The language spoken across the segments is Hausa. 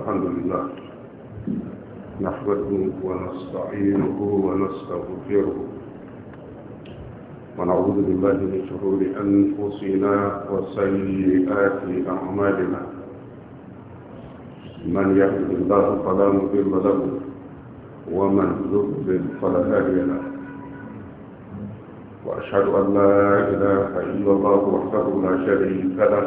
الحمد لله نحمده ونستعينه ونستغفره ونعوذ بالله من شرور أنفسنا وسيئات أعمالنا من يهد الله فلا مضل له ومن يضلل فلا هادي له وأشهد أن لا إله إلا الله وحده لا شريك له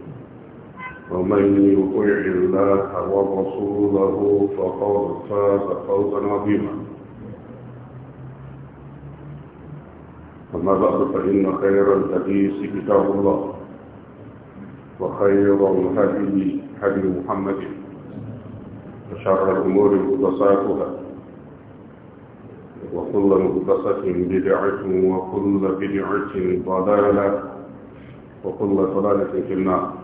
ومن يطع الله ورسوله فقد فاز فوزا عظيما أما بعد فإن خير الحديث كتاب الله وخير الهدي هدي محمد وشر الأمور مقدساتها وكل مقدسة بدعة وكل بدعة ضلالة وكل ضلالة في النار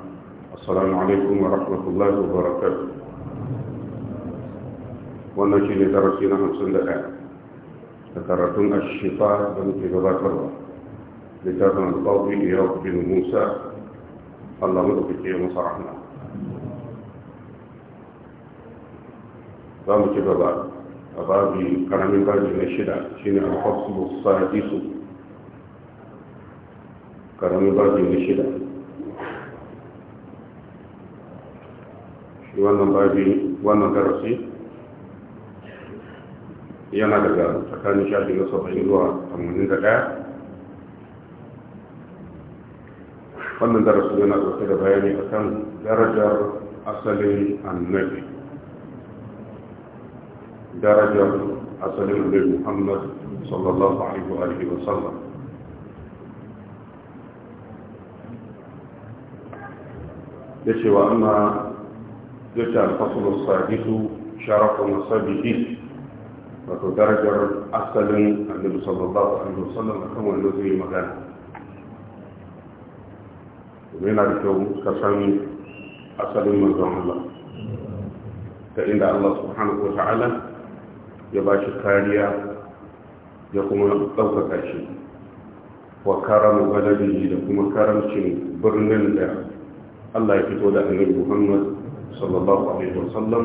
السلام عليكم ورحمة الله وبركاته ونشيل درسنا خمسون دقائق ذكرتم الشفاء بنت ذكرها لتابع القاضي إياد بن موسى الله مدفك يا مصر رحمه za أبابي ci gaba a babi karamin babi na shida shine alfasulu sadisu في wannan babi wannan darasi yana daga tsakanin shafi na saba'in zuwa tamanin da ɗaya wannan darasi yana ɗauke da bayani a kan darajar asalin annabi darajar asalin annabi muhammad sallallahu alaihi wa sallam da cewa amma جدا فصل الصادق شرف الصادق وتدرج أسل النبي صلى الله عليه وسلم كما الذي مكان ومن الكوم كسامي أسل من زمان الله فإن الله سبحانه وتعالى يباشر كاريا يقوم الأوفى كاشي وكرم بلده يقوم كرم شيء برنل الله يكتب لأهل محمد sallallahu alaihi wasallam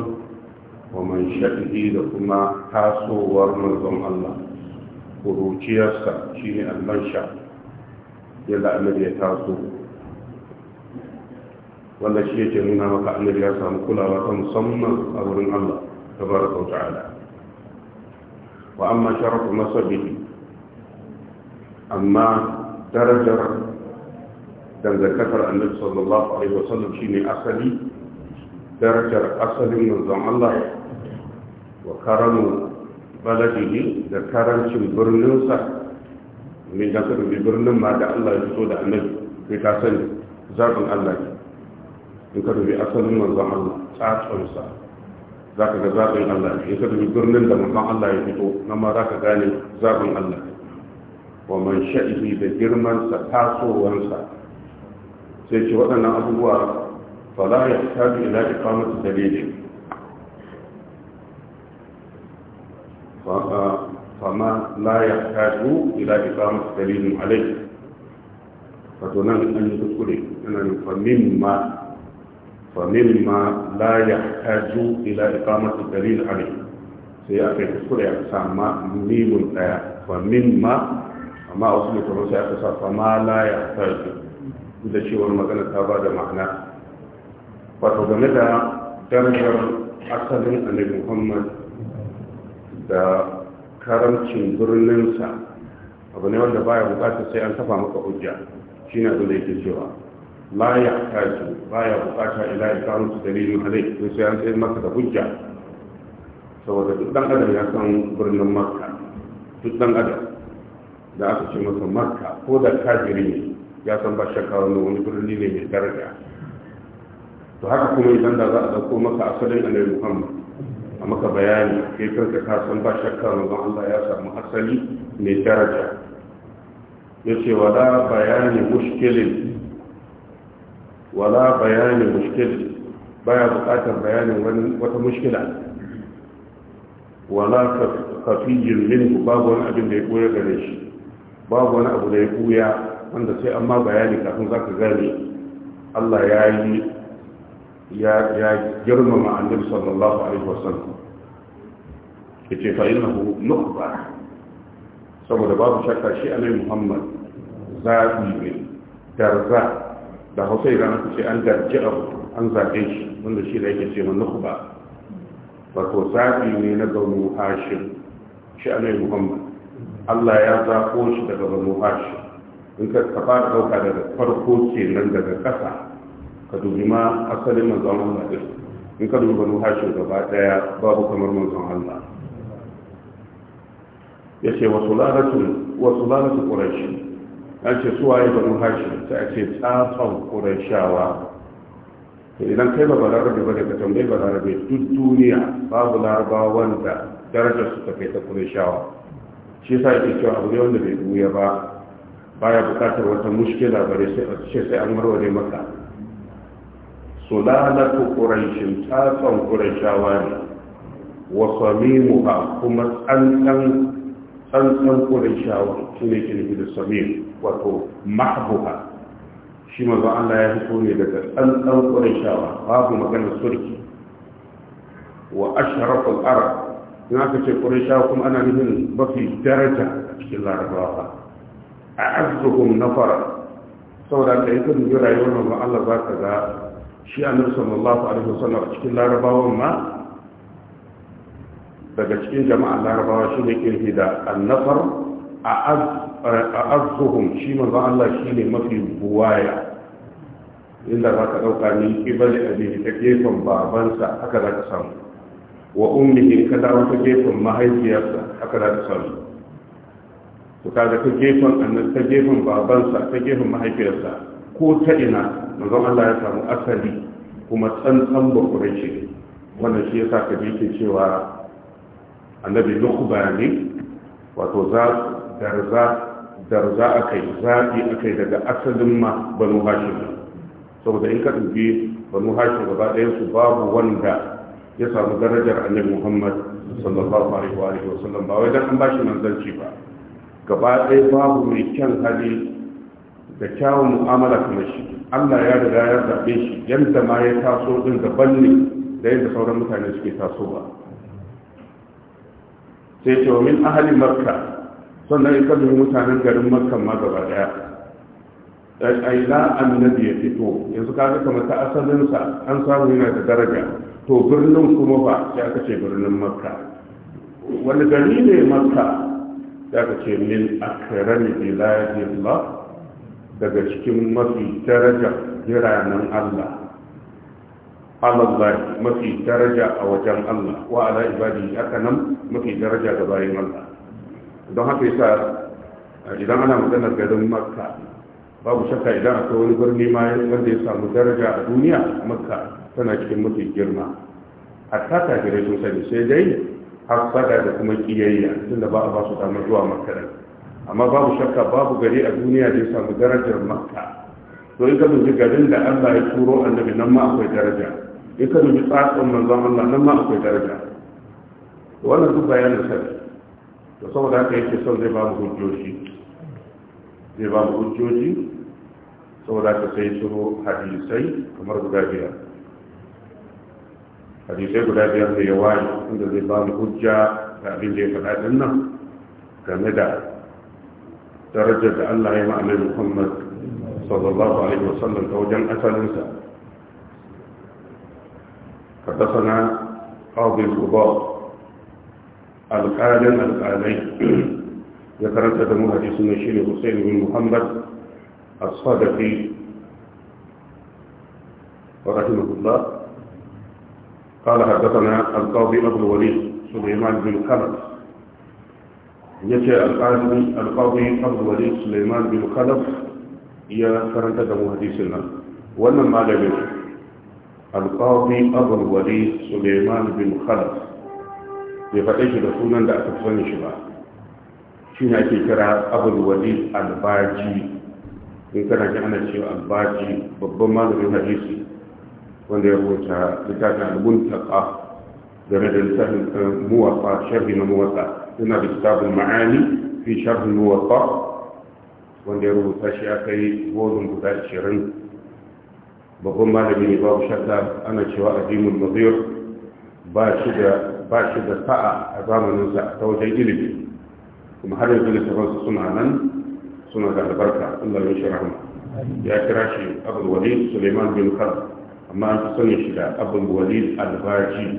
wa man shafihi da kuma tasowar manzon Allah kuruciyarsa shine almansha yadda annabi ya taso wanda shi yake nuna maka annabi ya samu kulawa ta musamman a wurin Allah tabaraka wa ta'ala wa amma sharafu amma darajar dangantakar annabi sallallahu alaihi wasallam shine asali darajar asalin manzon Allah wa karamu baladihi da karancin birninsa min da suka bi birnin ma da Allah ya so da annabi kai ka sani zaɓin Allah ne in ka dubi asalin manzon Allah tsatsonsa za ka ga zaɓin Allah ne in ka dubi birnin da manzon Allah ya fito na ma za ka gane zaɓin Allah ne wa man sha'ihi da girmansa tasowansa sai ce waɗannan abubuwa فلا يحتاج إلى إقامة دليل فما لا يحتاج إلى إقامة دليل عليه فتنان أن تذكري أن فمما فمما لا يحتاج إلى إقامة دليل عليه سيأتي تذكري أقسام ميم الآية فمما فما أصلي فما سيأتي فما لا يحتاج إذا شيء المكان هذا معناه wato game da darajar asalin annabi muhammad da karamcin birninsa abu ne wanda baya bukatar sai an tafa maka hujja shine abin da yake cewa la ya tashi baya bukatar ila ya kawo su dalilin alai to sai an tsaye maka da hujja saboda duk dan adam ya san birnin makka duk dan adam da aka ce masa makka ko da kajiri ne ya san ba shakka wani birni ne mai daraja to haka kuma idan da za a dauko maka asalin annabi muhammad a maka bayani kai kanka ka san ba shakka manzon Allah ya samu asali mai daraja yace wala bayani mushkilin wala bayani mushkilin baya bukatar bayanin wani wata mushkila wala kafiyin min babu wani abin da ya koya gare shi babu wani abu da ya koya wanda sai amma bayani kafin zaka gane Allah ya yi ya girmama annabi sallallahu alaihi wasallam ce fa innahu nukhba saboda babu shakka shi annabi Muhammad zabi ne darza da Hausa idan aka ce an darje an zabe shi wanda shi da yake ce man nukhba wato zabi ne na gauru Hashim shi annabi Muhammad Allah ya zabo shi daga gauru Hashim in ka fara ɗauka daga farko kenan daga ƙasa. ka dubi ma asalin manzon Allah din in ka dubi banu hashin gaba daya babu kamar manzon Allah ya ce wasu lalatu ƙurashi an ce suwaye banu hashin ta ce tsafan ƙurashawa to idan kai ba balarabe ba da ka tambayi balarabe duk duniya babu larabawa wanda darajar su ta kai ta ƙurashawa shi sa yake cewa abu ne wanda bai buya ba baya bukatar wata mushkila bare sai sai an warware maka sulalatu quraishin tsatsan quraishawa ne wa samimuha kuma tsantsan tsantsan quraishawa shine ke nufi da samim wato mahbuha shi manzo Allah ya fito ne daga tsantsan quraishawa babu maganar sulki wa ashraful arab in aka ce quraishawa kuma ana nufin mafi daraja a cikin larabawa a azzuhum nafara saboda da yake rayuwar manzo Allah za ka ga shi annabi sallallahu alaihi wasallam a cikin larabawan ma daga cikin jama'a larabawa shi ne kirki da annafar a azzuhum shi manzo Allah shi ne mafi buwaya inda za ka ɗauka ni ibali abin ta gefen babansa haka za ka samu wa ummihi ka dawo ta gefen mahaifiyarsa haka za ka samu to kaga ta gefen annabi ta gefen babansa ta gefen mahaifiyarsa ko ta ina manzon Allah ya samu asali kuma tsantsan bakurai ce wannan shi yasa ka yake cewa annabi bayani? wato za darza darza akai zabi akai daga asalin ma banu hashim saboda in ka dubi banu hashim gaba ɗaya su babu wanda ya samu darajar annabi muhammad sallallahu alaihi wa sallam ba wai dan an bashi manzanci ba gaba ɗaya babu mai kyan hali da kyawun mu'amala kamar shi Allah ya riga ya zaɓe shi yadda ma ya taso din daban ne da yadda sauran mutane suke tasowa sai ce min ahalin makka sannan ita bin mutanen garin makka ma gaba daya aina annabi ya fito yanzu kaga kamar ta asalinsa an samu yana da daraja to birnin kuma ba ya ce birnin makka wani gari ne makka ya kace min akrami Allah daga cikin mafi daraja jiranan Allah Allah mafi daraja a wajen Allah wa ala ibadi aka nan mafi daraja ga bayan Allah don haka yasa idan ana ga dan Makka babu shakka idan akwai wani birni ma wanda ya samu daraja a duniya Makka tana cikin mafi girma hatta kafirai sun sani sai dai hasada da kuma kiyayya tunda ba a ba su damar zuwa Makka amma babu shakka babu gari a duniya da ya samu darajar makka to in ka dubi garin da allah ya turo annabi nan ma akwai daraja in ka dubi tsatsun manzon allah nan ma akwai daraja wannan duk bayanin sa to saboda haka yake son zai babu hujjoji zai babu hujjoji saboda haka sai turo hadisai kamar guda biyar hadisai guda biyar da yawa inda zai ba mu hujja da abin da ya faɗa ɗin nan game da ترجد أن لا يمعنى محمد صلى الله عليه وسلم زوجا أسل إنسا حدثنا قاضي الغبار القادم القادم يتردد دمو حديث النشير حسين بن محمد الصادقي ورحمه الله قال حدثنا القاضي أبو الوليد سليمان بن خلف ya ce alƙazin alƙazin abdullahi suleiman bin khalaf ya karanta da muhadisin nan wannan malamin alƙazin abdullahi suleiman bin khalaf bai faɗe shi da sunan da aka fi sani shi ba shi ne ake kira abdullahi albaji in kana ji ana cewa albaji babban malamin hadisi wanda ya rubuta littafin al-muntaka game da littafin muwafa sharhi na muwafa yana da kitabul ma'ani fi sharh muwatta wanda ya rubuta shi akai gozin guda 20 babban malami ne babu shakka ana cewa adimul mazir ba shi da ba shi a zamanin sa ta wajen ilimi kuma har yanzu littafin su suna nan suna da albarka Allah ya ya kira shi Abdul Walid Suleiman bin Khalid amma an fi sanya shi da Abdul Walid Al-Baji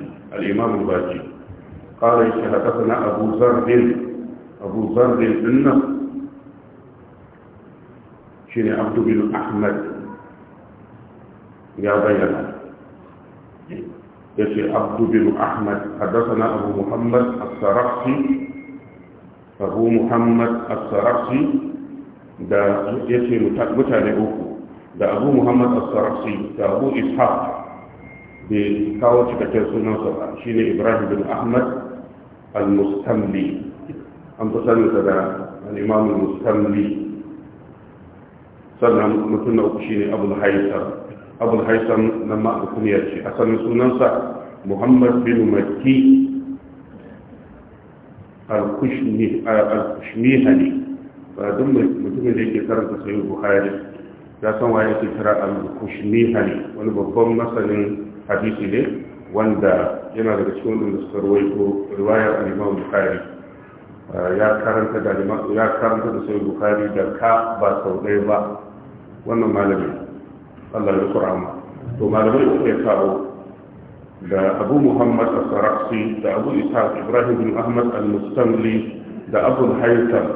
قال حدثنا أبو زرد أبو زرد إنه شيني عبد بن أحمد يا بينا يشي عبد بن أحمد حدثنا أبو محمد السرقسي أبو محمد السرقسي ده يشي متى أبو محمد السرقسي ده أبو إسحاق bai kawo cikakken sunansa ba shi ne ibrahim bin ahmad al-mustamli an fi saninsa da al-imam al-mustamli sannan mutum na uku shi ne abul haisar abul haisar na ma alkuniyar ce asalin sunansa muhammad bin maki al-kushmihani ba duk mutumin da yake karanta sayi buhari ya san waye ke kira al-kushmihani wani babban masanin hadisi ne wanda yana daga cikin wadanda suka ruwaito riwayar al-imam bukhari ah, ya karanta da ya karanta sai bukhari da ka ba sau ɗaya ba wannan malami Allah ya kurama to malamai suka ya kawo da abu muhammad a saraksi da abu ishaq ibrahim bin ahmad al-mustamli da abu haytham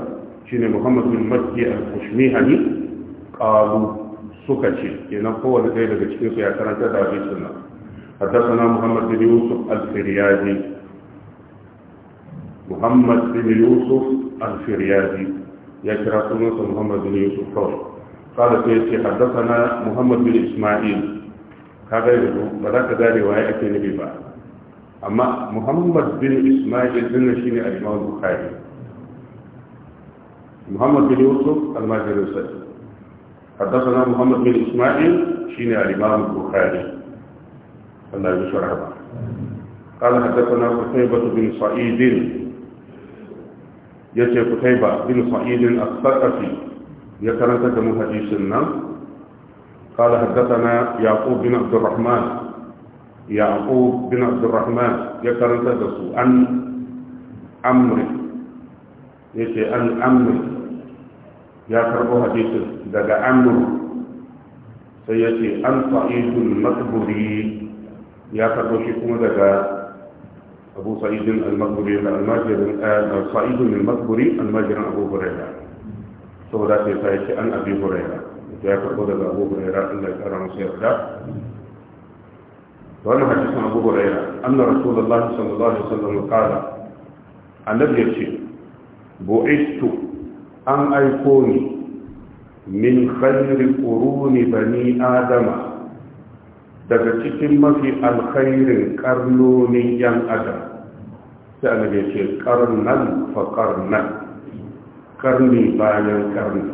shine muhammad bin makki al-kushmihani qalu suka ce kenan kowane ɗaya daga cikin su ya karanta da abincin nan حدثنا محمد بن يوسف الفريابي محمد بن يوسف الفريابي يكرا سنة محمد بن يوسف قول قال سيدي حدثنا محمد بن إسماعيل هذا يقول بذلك ذا رواية النبي بعد أما محمد بن إسماعيل بن شيني الإمام البخاري محمد بن يوسف الماجرسي حدثنا محمد بن إسماعيل شيني الإمام البخاري الله يشرح رحمه قال حدثنا قتيبة بن سعيد يتي قتيبة بن سعيد الثقفي يكرنت دمو حديث النم قال حدثنا يعقوب بن عبد الرحمن يعقوب بن عبد الرحمن يكرنت دسو عن أمر يتي عن أمر يا كربو حديث دقا أمر سيأتي عن سعيد المقبري ya karbo shi kuma daga أبو سعيد المقبري الماجر آه، سعيد المقبري الماجر أبو هريرة سورة سيسايك عن أبي هريرة جاء فقد أبو هريرة الله يكرم سيرة وأنا حديث أبو هريرة أن رسول الله صلى الله عليه وسلم قال النبي يقول بعثت أن أيقوني من خير قرون بني آدم daga cikin mafi alkhairin karnonin yan adam sai ya ce karnan fa karnan karni bayan karni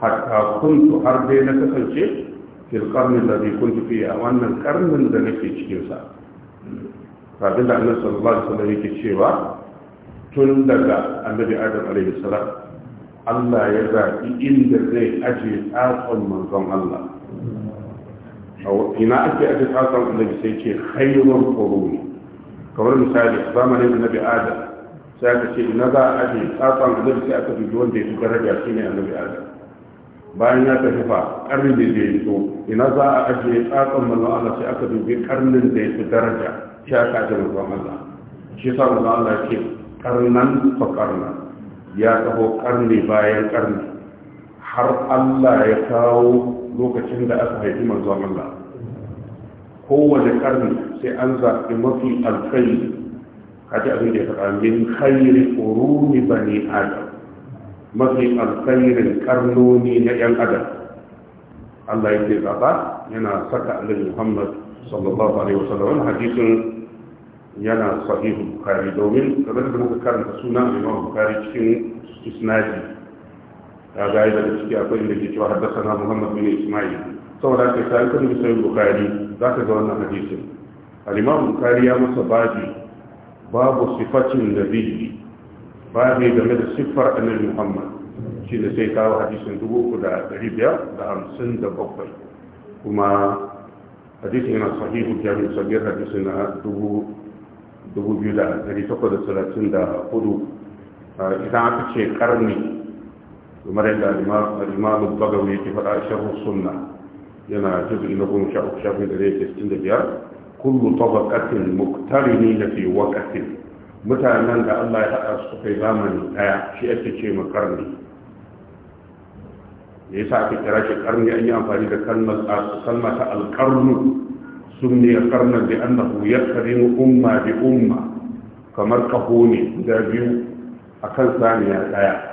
hatta kuntu har dai na kasance fil karni da bi kuntu fi a wannan karnin da nake cikin sa rabin da annabi sallallahu alaihi wasallam yake cewa tun daga annabi adam alaihi salam Allah ya zaɓi inda zai aje tsatson manzon Allah ina ake ake tsasan annabi sai ce khairul quruni kamar misali zamanin annabi adam sai aka ce ina za a ake tsasan annabi sai aka dubi wanda ya fi daraja shine annabi adam bayan ya tafi fa karnin da ya so ina za a ake tsasan manzon Allah sai aka dubi karnin da ya fi daraja shi aka ake manzon Allah shi sa manzon Allah ce karnan fa karnan ya taho karni bayan karni har Allah ya kawo lokacin da aka haifi manzon Allah kowane karni sai an zaɓi mafi alkhairi kaji abin da ya faɗa min khairi quruni bani adam mafi alkhairin karnoni na yan adam Allah yake zaba yana saka annabi Muhammad sallallahu alaihi wasallam hadisin yana sahihu bukhari domin kamar da muka karanta sunan Imam Bukhari cikin isnadi ga ga daga ciki akwai da ke cewa haddasa na muhammad bin ismail saboda ka sai kun bi sai bukari za ka ga wannan hadisin al-imam bukari ya masa babi babu sifatin nabi babi game da siffar annabi muhammad shi da sai kawo hadisin 3557 kuma hadisin yana sahihu jami'in sabir hadisin na 2834 idan aka ce karni kamar yadda al-imam al-bagawi faɗa a sharh sunna yana juz'i na goma shafin da zai cikin da biyar kullu tabaqatin muqtarini da fi waqatin mutanen da Allah ya haɗa su kai zamani daya shi ake ce me da yasa aka kira shi karni an yi amfani da kalmar ta alƙarnu sun ne karnar da annahu yaskarimu umma da umma kamar kaho ne guda biyu akan saniya daya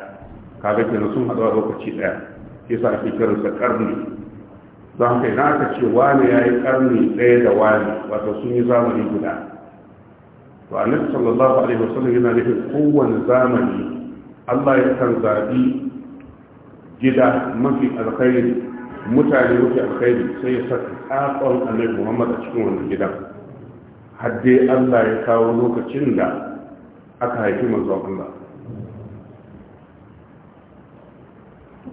kaga ke sun haɗu a lokaci ɗaya sa ake kiransa ƙarni don kai na aka ce wani ya yi ƙarni ɗaya da wani wato sun yi zamani guda to nan sallallahu alaihi wasallam yana nufin kowane zamani Allah ya kan zaɓi gida mafi alkhairi mutane mafi alkhairi sai ya saka tsakon annabi Muhammad a cikin wannan gidan har Allah ya kawo lokacin da aka haifi manzon Allah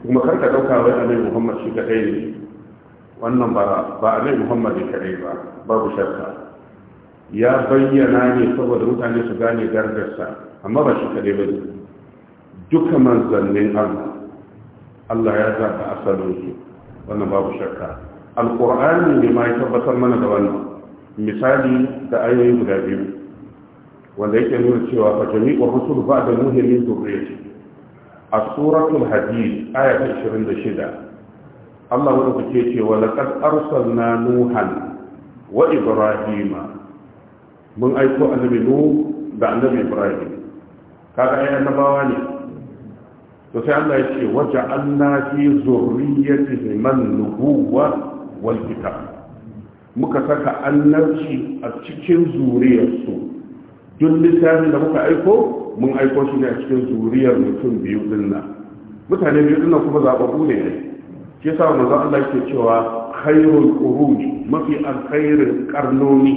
kuma kar ka dauka wai annabi Muhammad shi kadai ne wannan ba ba annabi Muhammad ne kadai ba babu shakka ya bayyana ne saboda mutane su gane gargarsa amma ba shi kadai ba ne duka manzannin Allah Allah ya zaɓa asalinsu wannan babu shakka alƙur'ani ne ma ya tabbatar mana da wannan misali da ayoyi guda biyu wanda yake nuna cewa fa jami'u rusul da muhimmin zurriyati a suratul hadid aya 26 Allah wanda ke ce wa laqad arsalna nuhan wa ibrahima mun aiko annabi nu da annabi ibrahim kaga ai annabawa ne to sai Allah ya ce waja'alna fi zurriyyatihi man nubuwa wal kitab muka saka annabci a cikin zuriyarsu duk littafin da muka aiko mun aiko shi ne a cikin zuriyar mutum biyu din mutane biyu din kuma zaɓaɓɓu ne ne shi yasa manzo Allah yake cewa khairul quruni mafi alkhairin karnoni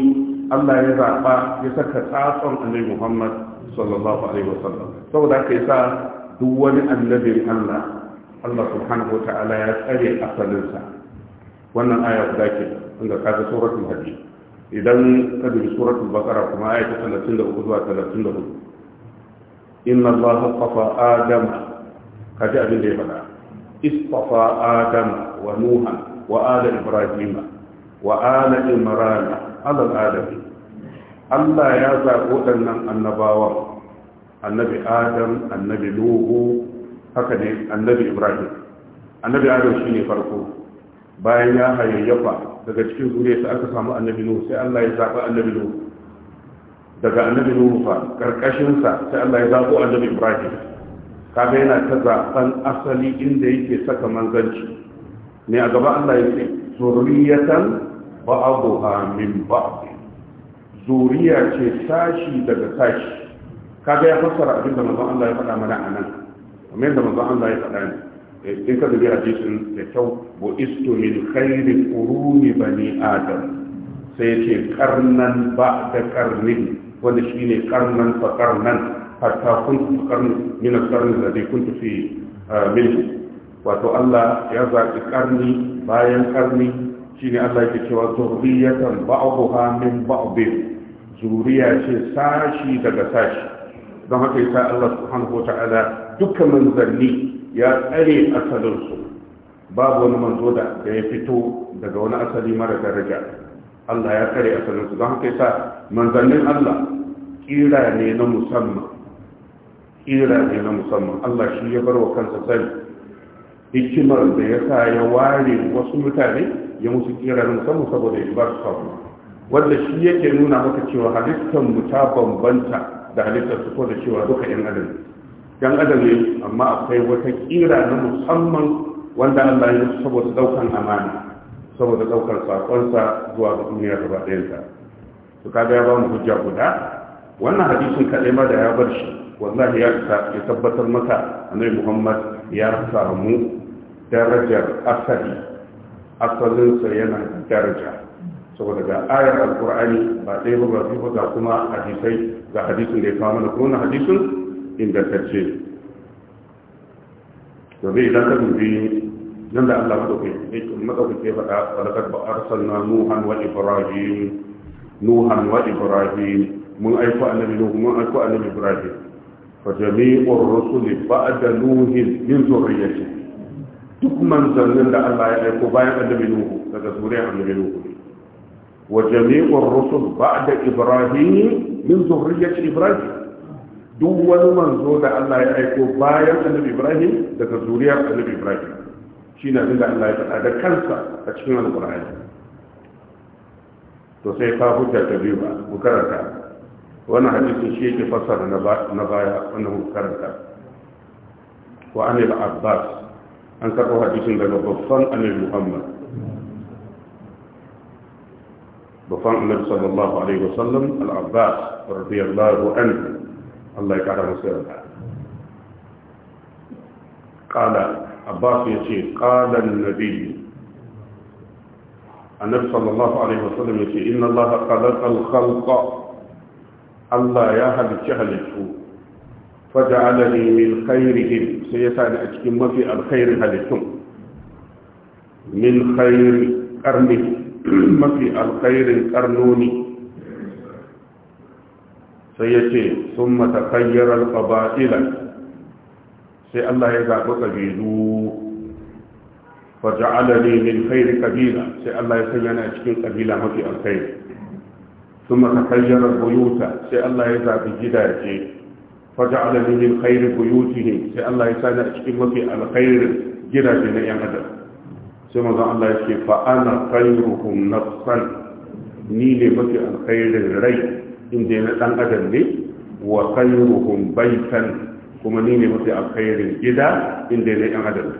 Allah ya zaɓa ya saka tsatson annabi Muhammad sallallahu alaihi wasallam saboda ka yasa duk wani annabin Allah Allah subhanahu wa ta'ala ya tsare asalinsa wannan aya guda ke inda ka ga suratul hadid idan ka dubi suratul baqara kuma aya ta 33 zuwa 34 inna allaha istafa adama ji abin da ya faɗa istafa adama wa nuha wa ala ibrahima wa ala imrana ala adami Allah ya zaɓi waɗannan annabawa annabi adam annabi nuhu haka ne annabi ibrahim annabi adam shi ne farko bayan ya hayayyafa daga cikin zuriyarsa aka samu annabi nuhu sai Allah ya zaɓi annabi nuhu daga annabi nuhu fa karkashin sa sai Allah ya zabo annabi ibrahim kaga yana ta zaban asali inda yake saka manzanci ne a gaba Allah ya ce zuriyatan ba'dha min ba. zuriya ce sashi daga sashi kaga ya fassara abin da manzon Allah ya faɗa mana a nan. kamar yadda mazan Allah ya faɗa ne eh, in ka dubi hadisin da kyau bu istu min khairin quruni bani adam sai ce karnan ba da karnin wanda shine karnan fa karnan hatta kuntu karnu min al-qarn alladhi kuntu fi ah, minhu wato Allah ya zaɓi karni bayan karni shine Allah yake cewa zurriyatan ba'daha min ba'din zuriya ce sashi daga sashi don haka yasa Allah subhanahu wata'ala dukkan manzanni ya tsare asalinsu babu wani manzo da ya fito daga wani asali mara daraja Allah ya tsare asalinsu don haka yasa manzannin Allah kira ne na musamman kira ne na musamman Allah shi ya bar wa kansa sani hikimar da ya sa ya ware wasu mutane ya musu kira na musamman saboda ya su wanda shi yake nuna maka cewa halittar mu ta bambanta da halittar su da cewa duka yan adam yan adam ne amma akwai wata kira na musamman wanda Allah ya saboda daukan amana saboda daukar sakonsa zuwa ga duniya gaba ɗayansa to kaga ya ba mu hujja guda wannan hadisin kaɗai ma da ya bar shi wallahi ya isa ya tabbatar maka annabi muhammad ya samu darajar asali asalinsa yana daraja saboda ga ayar alkur'ani ba ɗaya ba ba ba ga kuma hadisai ga hadisin da ya kawo mana kuma hadisin ingantacce domin idan ka dubi nan da Allah ku madaukake faɗa walakar ba arsalna nuhan wa ibrahim nuhan wa ibrahim mun aiko annabi nuhu mun aiko annabi ibrahim fa jami'ur rusuli ba'da nuhin min zurriyyati duk manzannin da Allah aiko bayan annabi nuhu daga zuriyar annabi nuhu wa jami'ur rusul ba'da ibrahim min zurriyyati ibrahim duk wani manzo da Allah ya aiko bayan annabi ibrahim daga zuriyar annabi ibrahim shine abin da Allah ya faɗa da kansa a cikin alƙur'ani to sai fa hujja ta ba ku وانا حديث الشيخ فصل نبايا انه كرد وعن العباس ان كرد حديث لما بفن عن محمد بفن النبي صلى الله عليه وسلم العباس رضي الله عنه الله يكرم سيرك قال عباس يشير قال النبي النبي صلى الله عليه وسلم يشير ان الله خلق الخلق Allah ya halicci halittu faja'alani min khairihim sai ya sani a cikin mafi alkhairin halittun min khairi karni mafi alkhairin karnoni sai ya ce sun matakayyar alƙaba'ila sai Allah ya zaɓi ƙabilu faja'alani min khairi ƙabila sai Allah ya sanya na cikin ƙabila mafi alkhairi ثم تخير البيوت سي الله يزع بجداجه فجعل من الخير بيوتهم سي الله يسانا اشكم في الخير جداجنا يا مدد ثم الله يشكي فأنا خيرهم نفسا نيني مكي الخير الري إن دينا أن أدن لي وخيرهم بيتا كما نيني مكي الخير جدا إن دينا أن أدن لي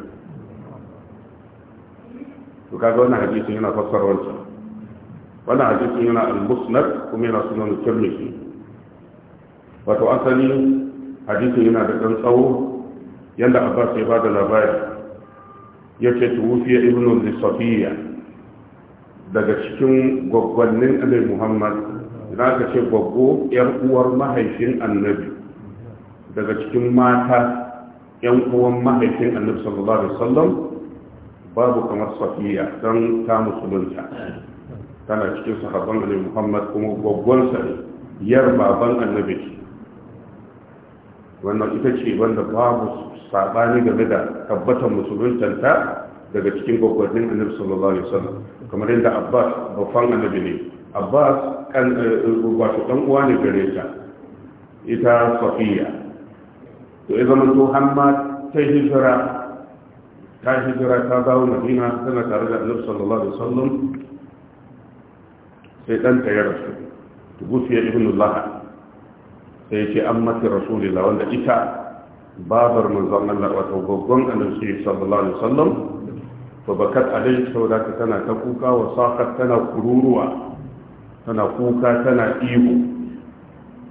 وكذا أنا حديث هنا فسر وانسان wannan hadisin yana al-musnad kuma yana sunan tirmidhi wato asali hadisin yana da ɗan tsawo yadda abbas ya bada labari ya ce tuwufiya ibn safiya daga cikin gwaggwannin annabi muhammad idan aka ce gwaggo yar uwar mahaifin annabi daga cikin mata yan uwan mahaifin annabi sallallahu alaihi wasallam babu kamar safiya don ta musulunta kana cikin sahabban annabi muhammad kuma gwaggon sa ne yar baban annabi wannan ita ce wanda babu sabani game da tabbatar ta daga cikin gwagwanin annabi sallallahu alaihi wasallam kamar yadda abbas babban annabi ne abbas kan eh, wato dan uwa ne gare ta ita safiya to ya zama to hamma ta hijira ta hijira ta dawo madina tana tare da annabi sallallahu alaihi wasallam sai ɗanta ya rasu tubusiya ibnullah sai ce an mati rasulillah wanda ita babar manzon Allah wato gaggon annabi sallallahu alaihi wasallam fa bakat alai saboda tana ta kuka wa sakat tana kururuwa tana kuka tana ihu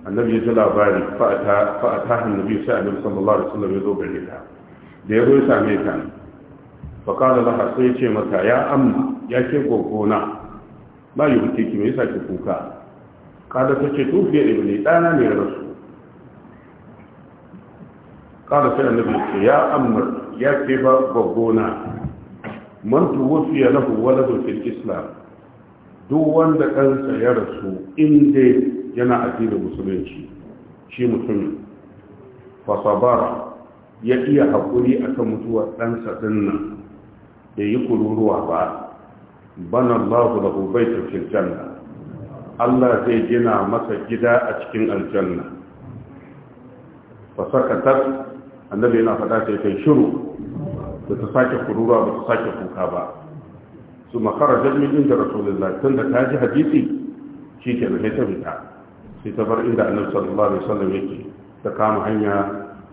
annabi ya ji labari fa'ata annabi sai annabi sallallahu alaihi wasallam ya zo gare ta da ya zo ya same ta fa kana laha sai ce mata ya amma ya ke gogona Ba yi buke ki mai sake kuka kada ta ce tufiya ne, ɗana ne rasu kada sai annabi ce ya amma ya ce ba gwaggona man ya lafi waladu fil islam duk wanda ɗansa ya rasu inda yana addinin musulunci shi mutumin fasabara ya iya haƙuri akan mutuwar ɗansa ɗin nan bai yi kururuwa ba bana Allahu da baita fil janna Allah zai gina masa gida a cikin aljanna fasakatar annabi yana faɗa sai kai shiru da ta sake kururuwa ba ta sake kuka ba su makara jami'in inda rasulullah tun da ta ji hadisi shi ke da ta fita sai ta bar inda annabi sallallahu alaihi wasallam yake ta kama hanya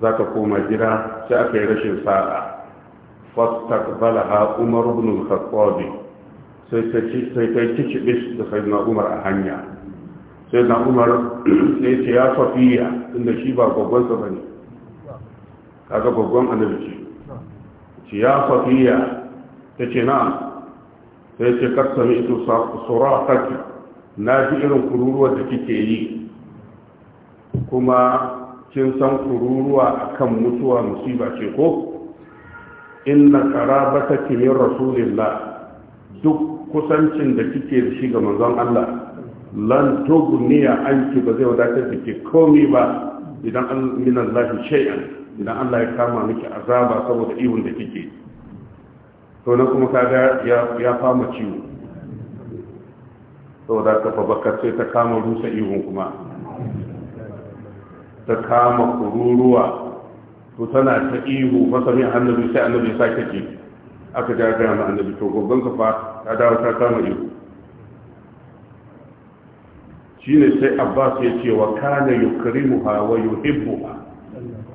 za ka koma gida sai aka yi rashin sa'a fastaqbalaha umar ibn al-khattab sai ta bis da sayyidina umar a hanya Sai na umar ne ce ya safiya inda shi ba gwaggonsa ba ne kaga gwaggon anarci ce ya safiya ta ce na sai ce karsa mai ito tsoro a karki na ji irin kururuwa da kike yi kuma kin san kururuwa akan mutuwa musiba ce ko inna qarabata min rasulillah duk kusancin da kike da shi ga manzon Allah lan tugniya anki ba zai wadatar da ke komai ba idan an min Allah shay'an idan Allah ya kama miki azaba saboda ihun da kike to nan kuma kaga ya ya fama ciwo saboda ka fa bakar sai ta kama rusa ihun kuma ta kama kururuwa to tana ta ihu fasami annabi sai annabi sake ji aka ja ga annabi to gogon ka fa ta ta kama shi ne sai abbas ya ce wa kana yukrimuha wa yuhibbuha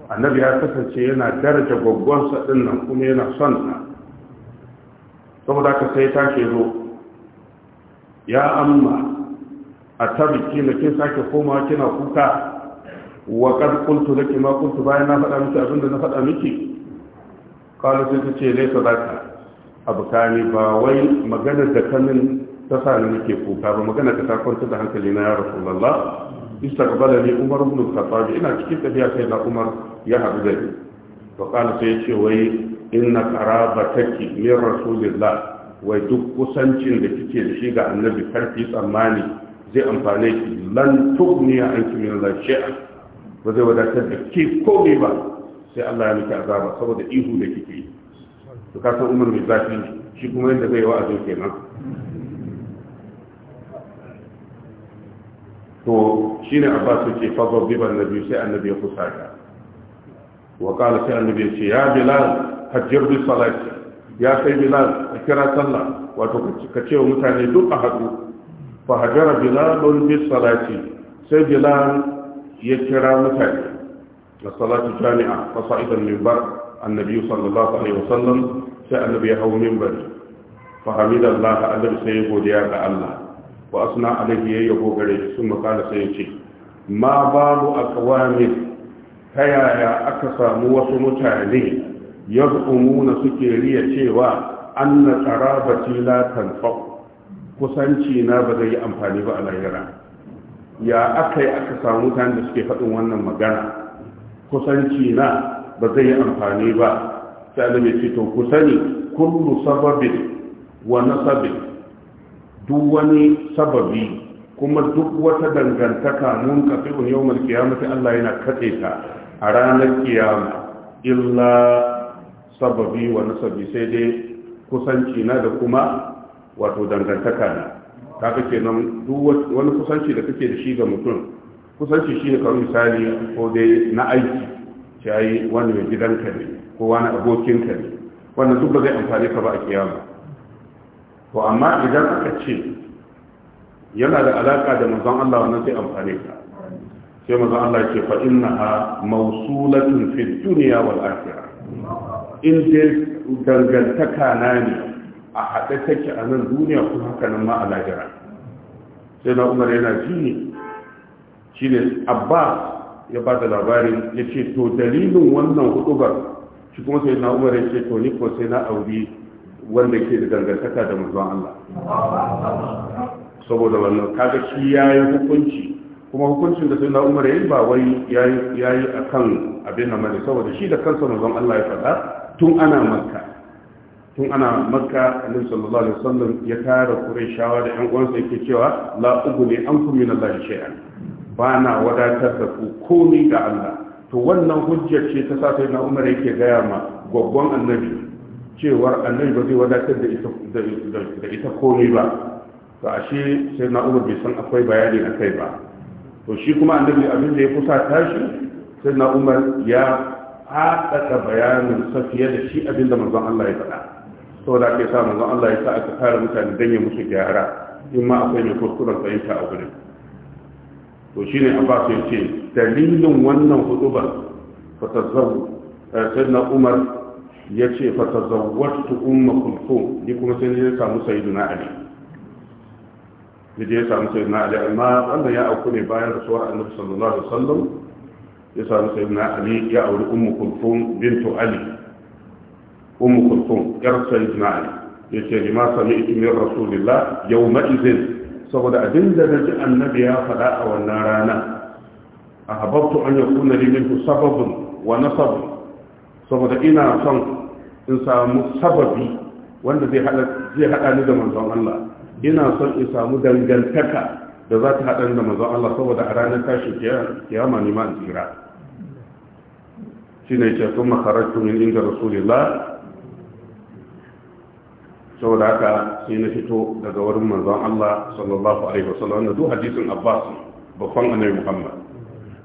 annabi ya kasance yana daraja gwaggwansa din nan kuma yana son ta saboda ka sai ta ke zo ya amma a tabbaki na kin sake koma kina kuka wa kad da laki ma bayan na faɗa miki abinda na faɗa miki qala sai ta ce laysa zaka abu bukani ba wai magana da kanin ta sa ni nake kuka ba magana ta kwanta da hankali na ya rasulullah istaqbala ni umar ibn al ina cikin tafiya sai da umar ya haɗu da ni to kana sai ya ce wai inna qarabataki min rasulillah wai duk kusancin da kike da shi ga annabi karfi tsammani zai amfane ki lan tugniya an min Allah ba zai wadatar da ki komai ba sai Allah ya miki azaba saboda ihu da kike yi to ka umar mai zafi shi kuma yadda zai wa'azi kenan to shine abbas yake fago biban nabi sai annabi ya kusaka wa qala sai annabi ya ce ya bilal hajjar bi salati ya sai bilal ka kira sallah wato ka ce wa mutane duk a haɗu fa hajara bilalun bi salati sai bilal ya kira mutane na salatu jami'a fa sa'idan minbar annabi sallallahu alaihi wasallam sai annabi ya hau minbari fa hamidallah annabi sai ya godiya ga Allah wa asna alaihi ya yabo gare shi sun makala sai ya ce ma balu aqwamin ta yaya aka samu wasu mutane yaz'umuna suke riya cewa anna qarabati la kusanci na ba zai yi amfani ba a lahira ya aka yi aka samu mutane da suke faɗin wannan magana kusanci na ba zai yi amfani ba sai annabi ya ce to ku sani kullu sababin wa nasabin duk wani sababi kuma duk wata dangantaka mun kafi un yawmal qiyamati Allah yana katse ta a ranar kiyama illa sababi wa nasabi sai dai kusanci na da kuma wato dangantaka na kake kenan duk wani kusanci da kake da shi ga mutum kusanci shi ne kawai misali ko dai na aiki ce wani mai gidanka ne ko wani abokinka ne wannan duk ba zai amfani ka ba a kiyama to amma idan aka ce yana da alaka da manzon Allah wannan zai amfani ka sai manzon Allah ce fa innaha mawsulatun fi dunya wal akhirah in dai dangantaka na ne a haɗe take a nan duniya ko haka nan ma a lahira sai na umar yana ji shi ne abbas ya ba da labarin ya ce to dalilin wannan hudubar shi kuma sai na umar ya ce to ni ko sai na auri wanda ke da dangantaka da mazuwan Allah saboda wannan kaga shi ya yi hukunci kuma hukuncin da sai na umar yayi ba wai yi a kan abin nan mani saboda shi da kansa mazuwan Allah ya faɗa tun ana makka tun ana makka annabi sallallahu alaihi wasallam ya tara shawa da yan uwansa yake cewa la an ankum min Allah shay'an ba na wadatar da ku komi da Allah to wannan hujjar ce ta sa na Umar yake gaya ma gwaggon annabi cewar annabi ba zai wadatar da ita da ita ba to ashe sai na Umar bai san akwai bayani kai ba to shi kuma annabi abin da ya kusa tashi sai na Umar ya haɗaɗa bayanin sa fiye da shi abin da manzon Allah ya faɗa saboda ake sa manzon Allah ya sa aka kare mutane dan ya musu gyara in ma akwai mai kuskuren fahimta a gurin to shi ne abbas ya ce dalilin wannan hudubar fatazzawu eh, sayyidina umar ya ce fatazawwatu umma kulthum ni kuma sai ya samu sayyidina ali da ya samu sayyidina ali amma wannan ya auku ne bayan rasuwar annabi sallallahu alaihi wasallam ya samu sayyidina ali ya auri ummu kulthum bintu ali ummu kulthum yar sayyidina ali yace lima sami min rasulillah yawma idhin saboda abin da na ji annabi ya faɗa a wannan rana a hababtu an ya kuna limin sababin wa nasabin saboda ina son in samu sababi wanda zai haɗa ni da manzon Allah ina son in samu dangantaka da za ta haɗa ni da manzon Allah saboda a ranar tashi kiyama ne ma in tsira shi ne ce kuma inda rasulillah saboda haka sai na fito daga wurin manzon Allah sallallahu alaihi wasallam wanda duk hadisin Abbas babban annabi Muhammad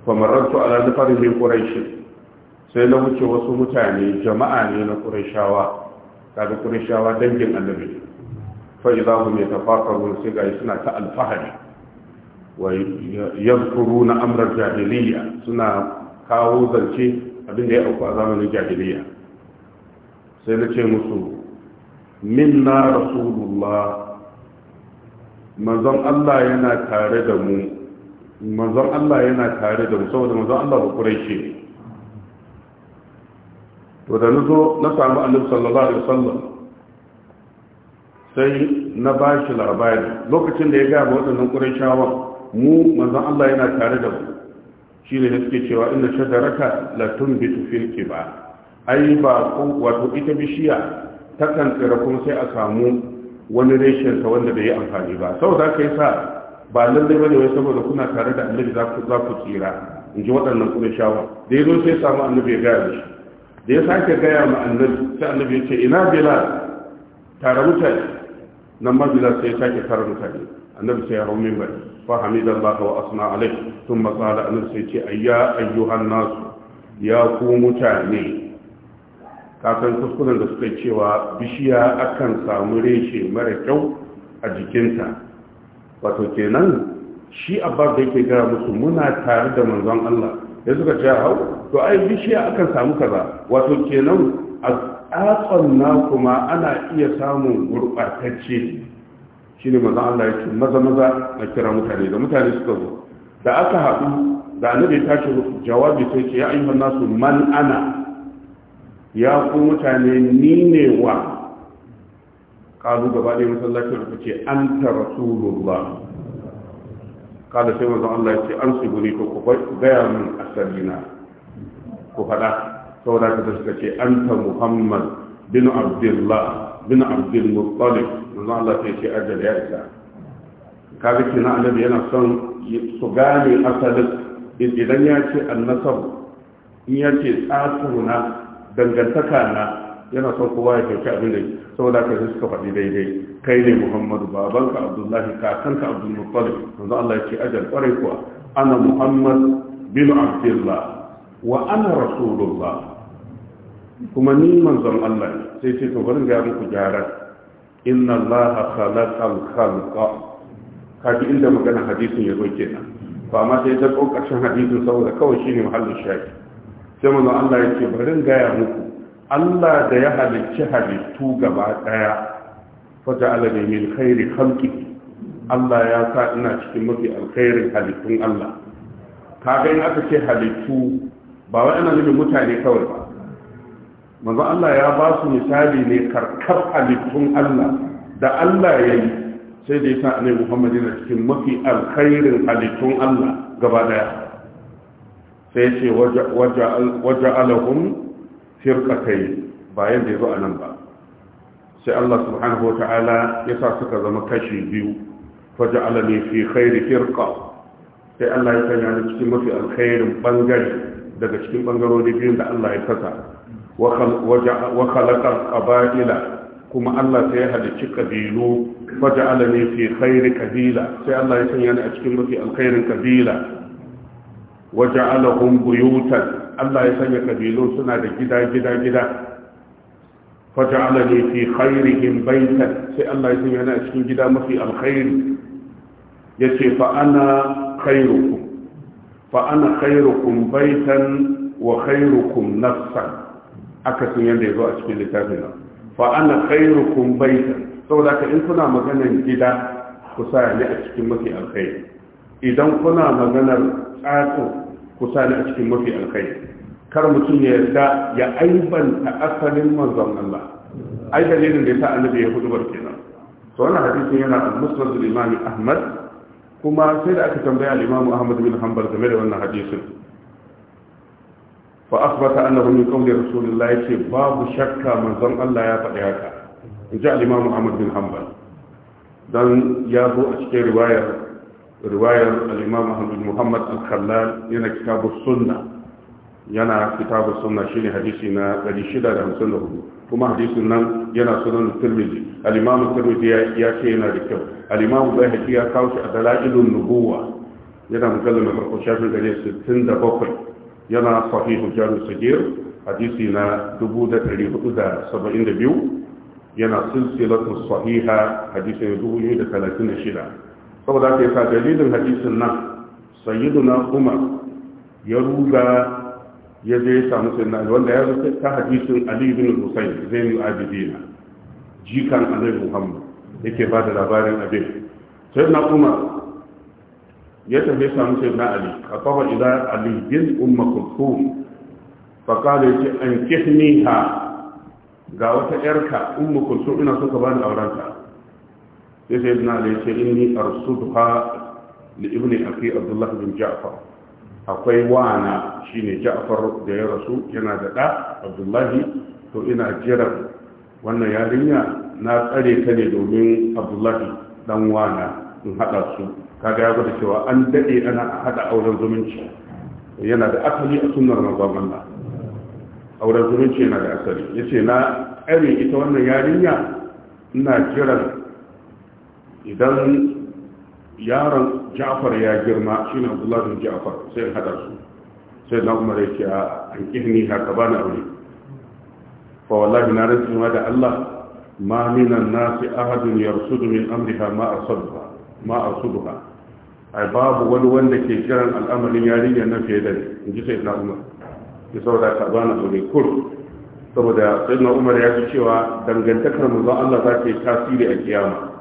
fa marartu ala nafarin min quraish sai na wuce wasu mutane jama'a ne na qurayshawa kaga qurayshawa dangin annabi fa idza hum yatafaqarun sai ga suna ta alfahari wa yadhkuruna amra jahiliya suna kawo zance abin da ya auku a zamanin jahiliya sai na ce musu minna rasulullah manzon Allah yana tare da mu manzon Allah yana tare da mu saboda manzon Allah ba kuraishi to da nuzo na samu annabi sallallahu alaihi wasallam sai na bashi labari lokacin da ya ga waɗannan qurayshawa mu manzon Allah yana tare da mu shi ne suke cewa inna shajaraka la tunbitu fil kibar ai ba wato ita bishiya takan tsira kuma sai a samu wani reshensa wanda bai yi amfani ba saboda ka yi sa ba lallai ne wai saboda kuna tare da annabi za ku tsira in ji waɗannan kuma shawa da yazo sai samu annabi ya gaya shi. da ya sake gaya ma annabi sai annabi ya ce ina bilal tare mutane nan ma bilal sai ya sake tare mutane annabi sai ya hau mimbar fa hamidallahi wa asna alai Tun matsala annabi sai ce ayya ayyuhan nas ya ku mutane kasan kuskuren da suka cewa bishiya akan samu reshe mara kyau a jikinta wato kenan shi abbas da yake gara musu muna tare da manzon Allah ya suka ce hau to ai bishiya akan samu kaza wato kenan a tsatson na kuma ana iya samun gurɓatacce shi ne manzon Allah ya ce maza maza na kira mutane da mutane suka zo da aka haɗu da annabi tashi jawabi sai ce ya ayyuhan nasu man ana ya ku mutane ni ne wa kalu gaba ɗaya masallacin da ce an ta rasulullah kada sai mazan Allah ya ce an su guri ko ku gaya min asali na. ku faɗa saboda ka suka ce an ta muhammad bin abdullah bin abdul muttalib mazan Allah sai ce ajal ya isa Ka kaga kina annabi yana son su gane asalin idan ya ce annasab in ya ce tsatuna dangantaka na yana son kowa ya kyauci abin da saboda ka yi suka faɗi daidai kai ne muhammadu babanka abdullahi kakanka abdul yanzu allah ya ce ajal kwarai kuwa ana muhammad bin abdullah wa ana rasulullah kuma ni manzon allah sai ce to bari ga muku gyara inna allaha khalaqal khalqa kaji inda magana hadisin ya zo kenan to amma sai ta hadisin saboda kawai shine muhallin shaki sai mana Allah ce barin gaya muku Allah da ya halicci halittu gaba daya fata alade min khairi halki Allah ya sa ina cikin mafi alkhairin halittun Allah kaga in aka ce halittu ba wai ana nufin mutane kawai ba manzo Allah ya ba su misali ne karkar halittun Allah da Allah ya yi sai da ya sa Annabi Muhammad yana cikin mafi alkhairin halittun Allah gaba ɗaya. sai ce waje alahun firkatai bayan da ya zo a nan ba sai Allah subhanahu wa ta'ala ya sa suka zama kashi biyu waje alani fi khairi firka sai Allah ya sanya ni cikin mafi alkhairin bangare daga cikin bangarori biyu da Allah ya kasa wa khalaqal qaba'ila kuma Allah sai ya halicci kabilu waje alani fi khairi kabila sai Allah ya sanya ni a cikin mafi alkhairin kabila waje alahun buyutan Allah ya sanya kabilu suna da gida gida gida faja alani fi khairihim baitan sai Allah ya sanya a cikin gida mafi alkhairi ya ce fa'ana khairukum fa'ana khairukum baitan wa khairukum nafsan aka sun yadda ya zo a cikin littafin nan fa'ana khairukum baitan saboda ka in kuna maganar gida ku sa ne a cikin mafi alkhairi idan kuna maganar tsatsu Kusa ne a cikin mafi alkhairi kar mutum ya yarda ya aibanta asalin manzon Allah ai dalilin da yasa annabi ya hudubar nan. to wannan hadisin yana al-musnad al-imam Ahmad kuma sai da aka tambaya al-imam Ahmad bin Hanbal game da wannan hadisin fa akhbata annahu min qawli rasulillah yace babu shakka manzon Allah ya faɗi haka in ji al-imam Ahmad bin Hanbal dan ya zo a cikin riwayar riwayar al-imam muhammad al-khallal yana kitabu sunna yana kitabu sunna shine hadisi na 654 kuma hadisin nan yana sunan tirmidhi al-imam tirmidhi ya ce yana da kyau al-imam bayhaqi ya kawo shi a dalailun nubuwa yana mujallal na farko shafin 67 yana sahihu jami'u sagir hadisi na 472 yana silsilatu sahiha hadisi na 236 saboda ka yasa dalilin hadisin nan sayyiduna umar ya ruga ya je ya samu sayyidina ali wanda ya zo ta hadisin ali ibn husayn zainul abidin jikan annabi muhammad yake ba da labarin abin sayyidina umar ya tafi samu sayyidina ali a kafa ila ali bin umma kulthum fa qala yace an kihniha ga wata yarka ummu kulthum ina son ka bani aurenta sai sai na da yake inni arsudha li ibn akhi abdullah bin ja'far akwai wana shine ja'far da ya rasu yana da da abdullah to ina jiran wannan yarinya na tsare ta ne domin abdullah dan wana in haɗa su kaga ya gwada cewa an daɗe ana haɗa auren zumunci yana da asali a sunnar manzon auren zumunci yana da asali yace na tsare ita wannan yarinya ina jiran idan yaron ja'far ya girma shi ne bin ja'far sai hada su sai na umar ya ce a an kihni haka ba na aure fa wallahi na rantsi ma da Allah ma minan nasi ahadun yarsudu min amriha ma arsaduha ma arsaduha ai babu wani wanda ke kiran al'amarin yarinya na fiye da ni, in ji sai na umar ya saboda ka ba na aure kur saboda sai na umar ya ji cewa dangantakar manzon Allah za ta yi tasiri a kiyama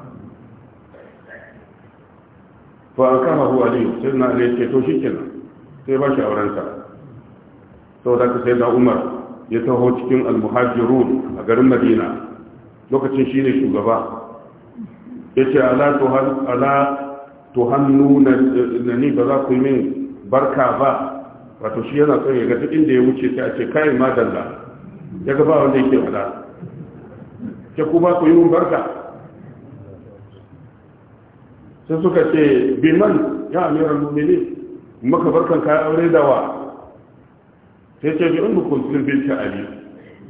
fa an kama hu aliyu sai na ne ceto shi shikenan sai ba shi aurenta da ka sai da umar ya taho cikin almuhajirun a garin madina lokacin shi ne shugaba ya ce ala to hannu na ni ba za ku yi min barka ba wato shi yana son ya ga duk inda ya wuce sai a ce kai madalla ya ga ba wanda yake wada ke ku ba ku yi min barka sai suka ce biman ya amiran mumini maka barkan kayan aure da wa sai ce bi umu kulsun bin ta ali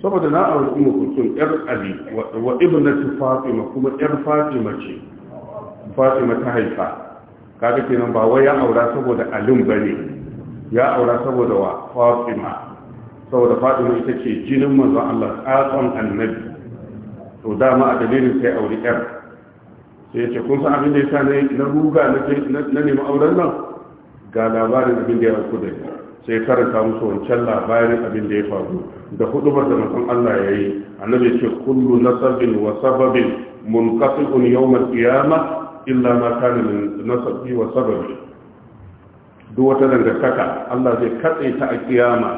saboda na aure umu kulsun yar ali wa ibnatu fatima kuma yar fatima ce fatima ta haifa kaga kenan ba wai ya aura saboda alim bane ya aura saboda wa fatima saboda fatima ita ce jinin manzon Allah tsatson annabi to dama a dalilin sai aure yar ya ce kun san abin da ya sa na ruga na nemi auren nan ga labarin abin da ya auku da sai karanta musu wancan labarin abin da ya faru da hudubar da mutum Allah ya yi annabi ce kullu nasabin wa sababin munqati'un yawm al-qiyamah illa ma kana min nasabi wa sababi duk wata dangantaka Allah zai katse ta a kiyama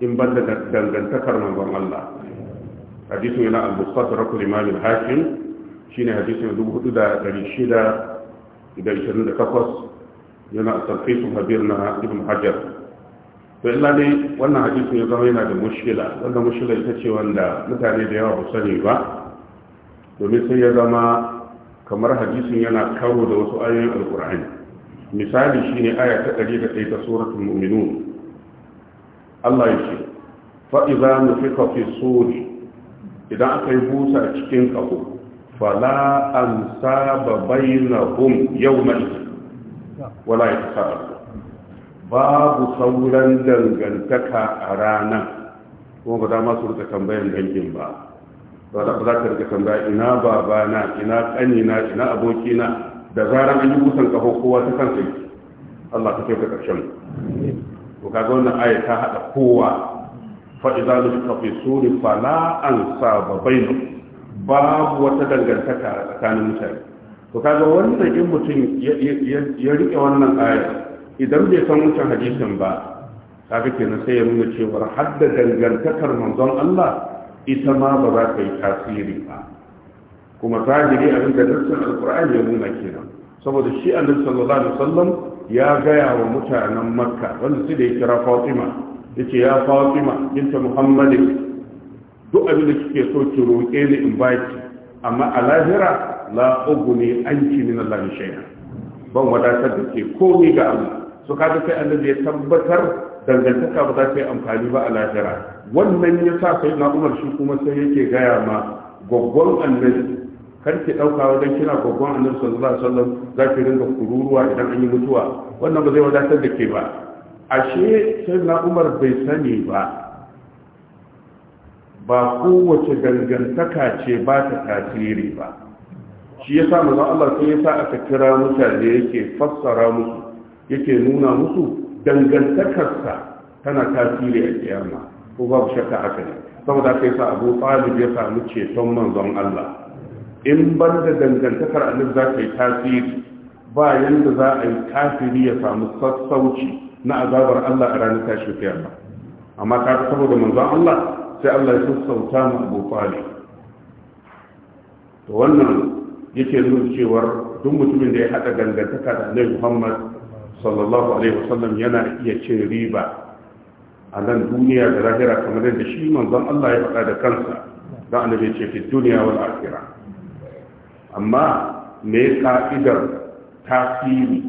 in da dangantakar manzon Allah hadisin yana al-bukhari rakul imam al-hakim shine hadisin takwas, yana tarfisun habir na ibn hajar to illa ne wannan hadisin ya zama yana da mushkila wanda mushkila ita ce wanda mutane da yawa ba sani ba domin sai ya zama kamar hadisin yana karo da wasu ayoyin alkur'ani misali shine aya ta ɗaya ta suratul mu'minun Allah ya ce fa idza nufiqa fi suri idan aka yi busa cikin kaho fala an saba bainahum yawmal wala yatasaba babu sauran dangantaka a ranan kuma ba za ma su rika tambayan dangin ba ba za ka rika tambaya ina babana ina kanina ina abokina da zaran an yi kusan kaho kowa ta kansa yake Allah ta ka kyauta karshen ka ga wannan aya ta hada kowa fa idza lam tafisuri fala an saba bainahum babu wata dangantaka a tsakanin mutane to kaga wannan in mutum ya rike wannan aya idan bai san wucin hadisin ba kaga kenan sai ya nuna cewa hadda dangantakar manzon Allah ita ma ba za ta yi tasiri ba kuma zahiri abin da nassin alqur'ani ya nuna kenan saboda shi annabi sallallahu alaihi wasallam ya gaya wa mutanen makka wanda su da ya kira fatima yace ya fatima binta muhammadin duk abin da kike so ki roƙe ni in baki amma a lahira la uguni anki min Allah shay'a ban wadatar da ke komai ga Allah so kaga sai annabi ya tabbatar dangantaka ba za ta yi amfani ba a lahira wannan ya sa sai na Umar shi kuma sai yake gaya ma goggon annabi kar ki dauka wajen kina goggon annabi sallallahu alaihi wasallam za ki ringa kururuwa idan an yi mutuwa wannan ba zai wadatar da ke ba ashe sai na Umar bai sani ba ba kowace dangantaka ce ba ta tasiri ba shi ya sa mazan Allah sai ya sa aka kira mutane yake fassara musu yake nuna musu dangantakarsa tana tasiri a kiyama ko babu shakka haka ne saboda aka yi sa abu talib ya samu ceton manzon Allah in ban da dangantakar annabi za ta yi tasiri ba yanda za a yi kafiri ya samu sassauci na azabar Allah a ranar tashin kiyama amma ka saboda manzon Allah sai Allah ya sassauta mu Abu Talib to wannan yake nuna cewar duk mutumin da ya hada dangantaka da Annabi Muhammad sallallahu alaihi wasallam yana iya cin riba a nan duniya da lahira kamar yadda shi manzon Allah ya faɗa da kansa da Annabi ya ce fi duniya wal amma me ka'idar tasiri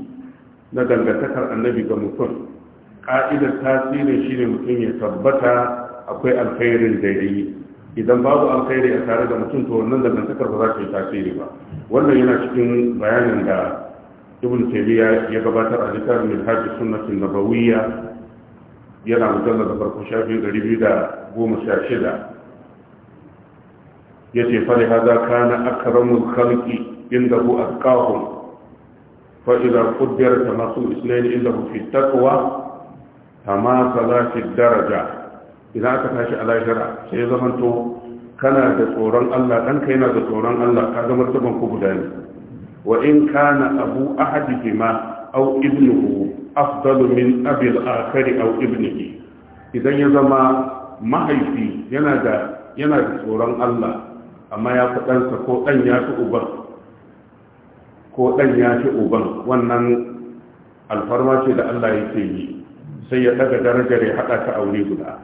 na dangantakar Annabi ga mutum ka'idar tasirin shine mutum ya tabbata akwai alkhairin da ya yi idan babu alkhairi a tare da mutum to wannan dangantakar ba za ta yi tasiri ba wannan yana cikin bayanin da ibn taymiya ya gabatar a littafin minhaj sunnatin nabawiyya yana mujallar da farko shafi 216 yace fa li hadha kana akramul khalqi hu atqahum fa idha qaddara tamasul inda hu fi taqwa tamasala fi daraja idan aka tashi a lahira sai ya zamanto kana da tsoron Allah ɗanka yana da tsoron Allah ka zama martaban ku guda ne wa in kana abu ma au ibnuhu afdalu min abi al au ibnihi idan ya zama mahaifi yana da yana da tsoron Allah amma ya fi ɗansa ko ɗan ya fi uban ko ɗan ya fi uban wannan alfarma ce da Allah yake yi sai ya daga darajar ya haɗa ta aure guda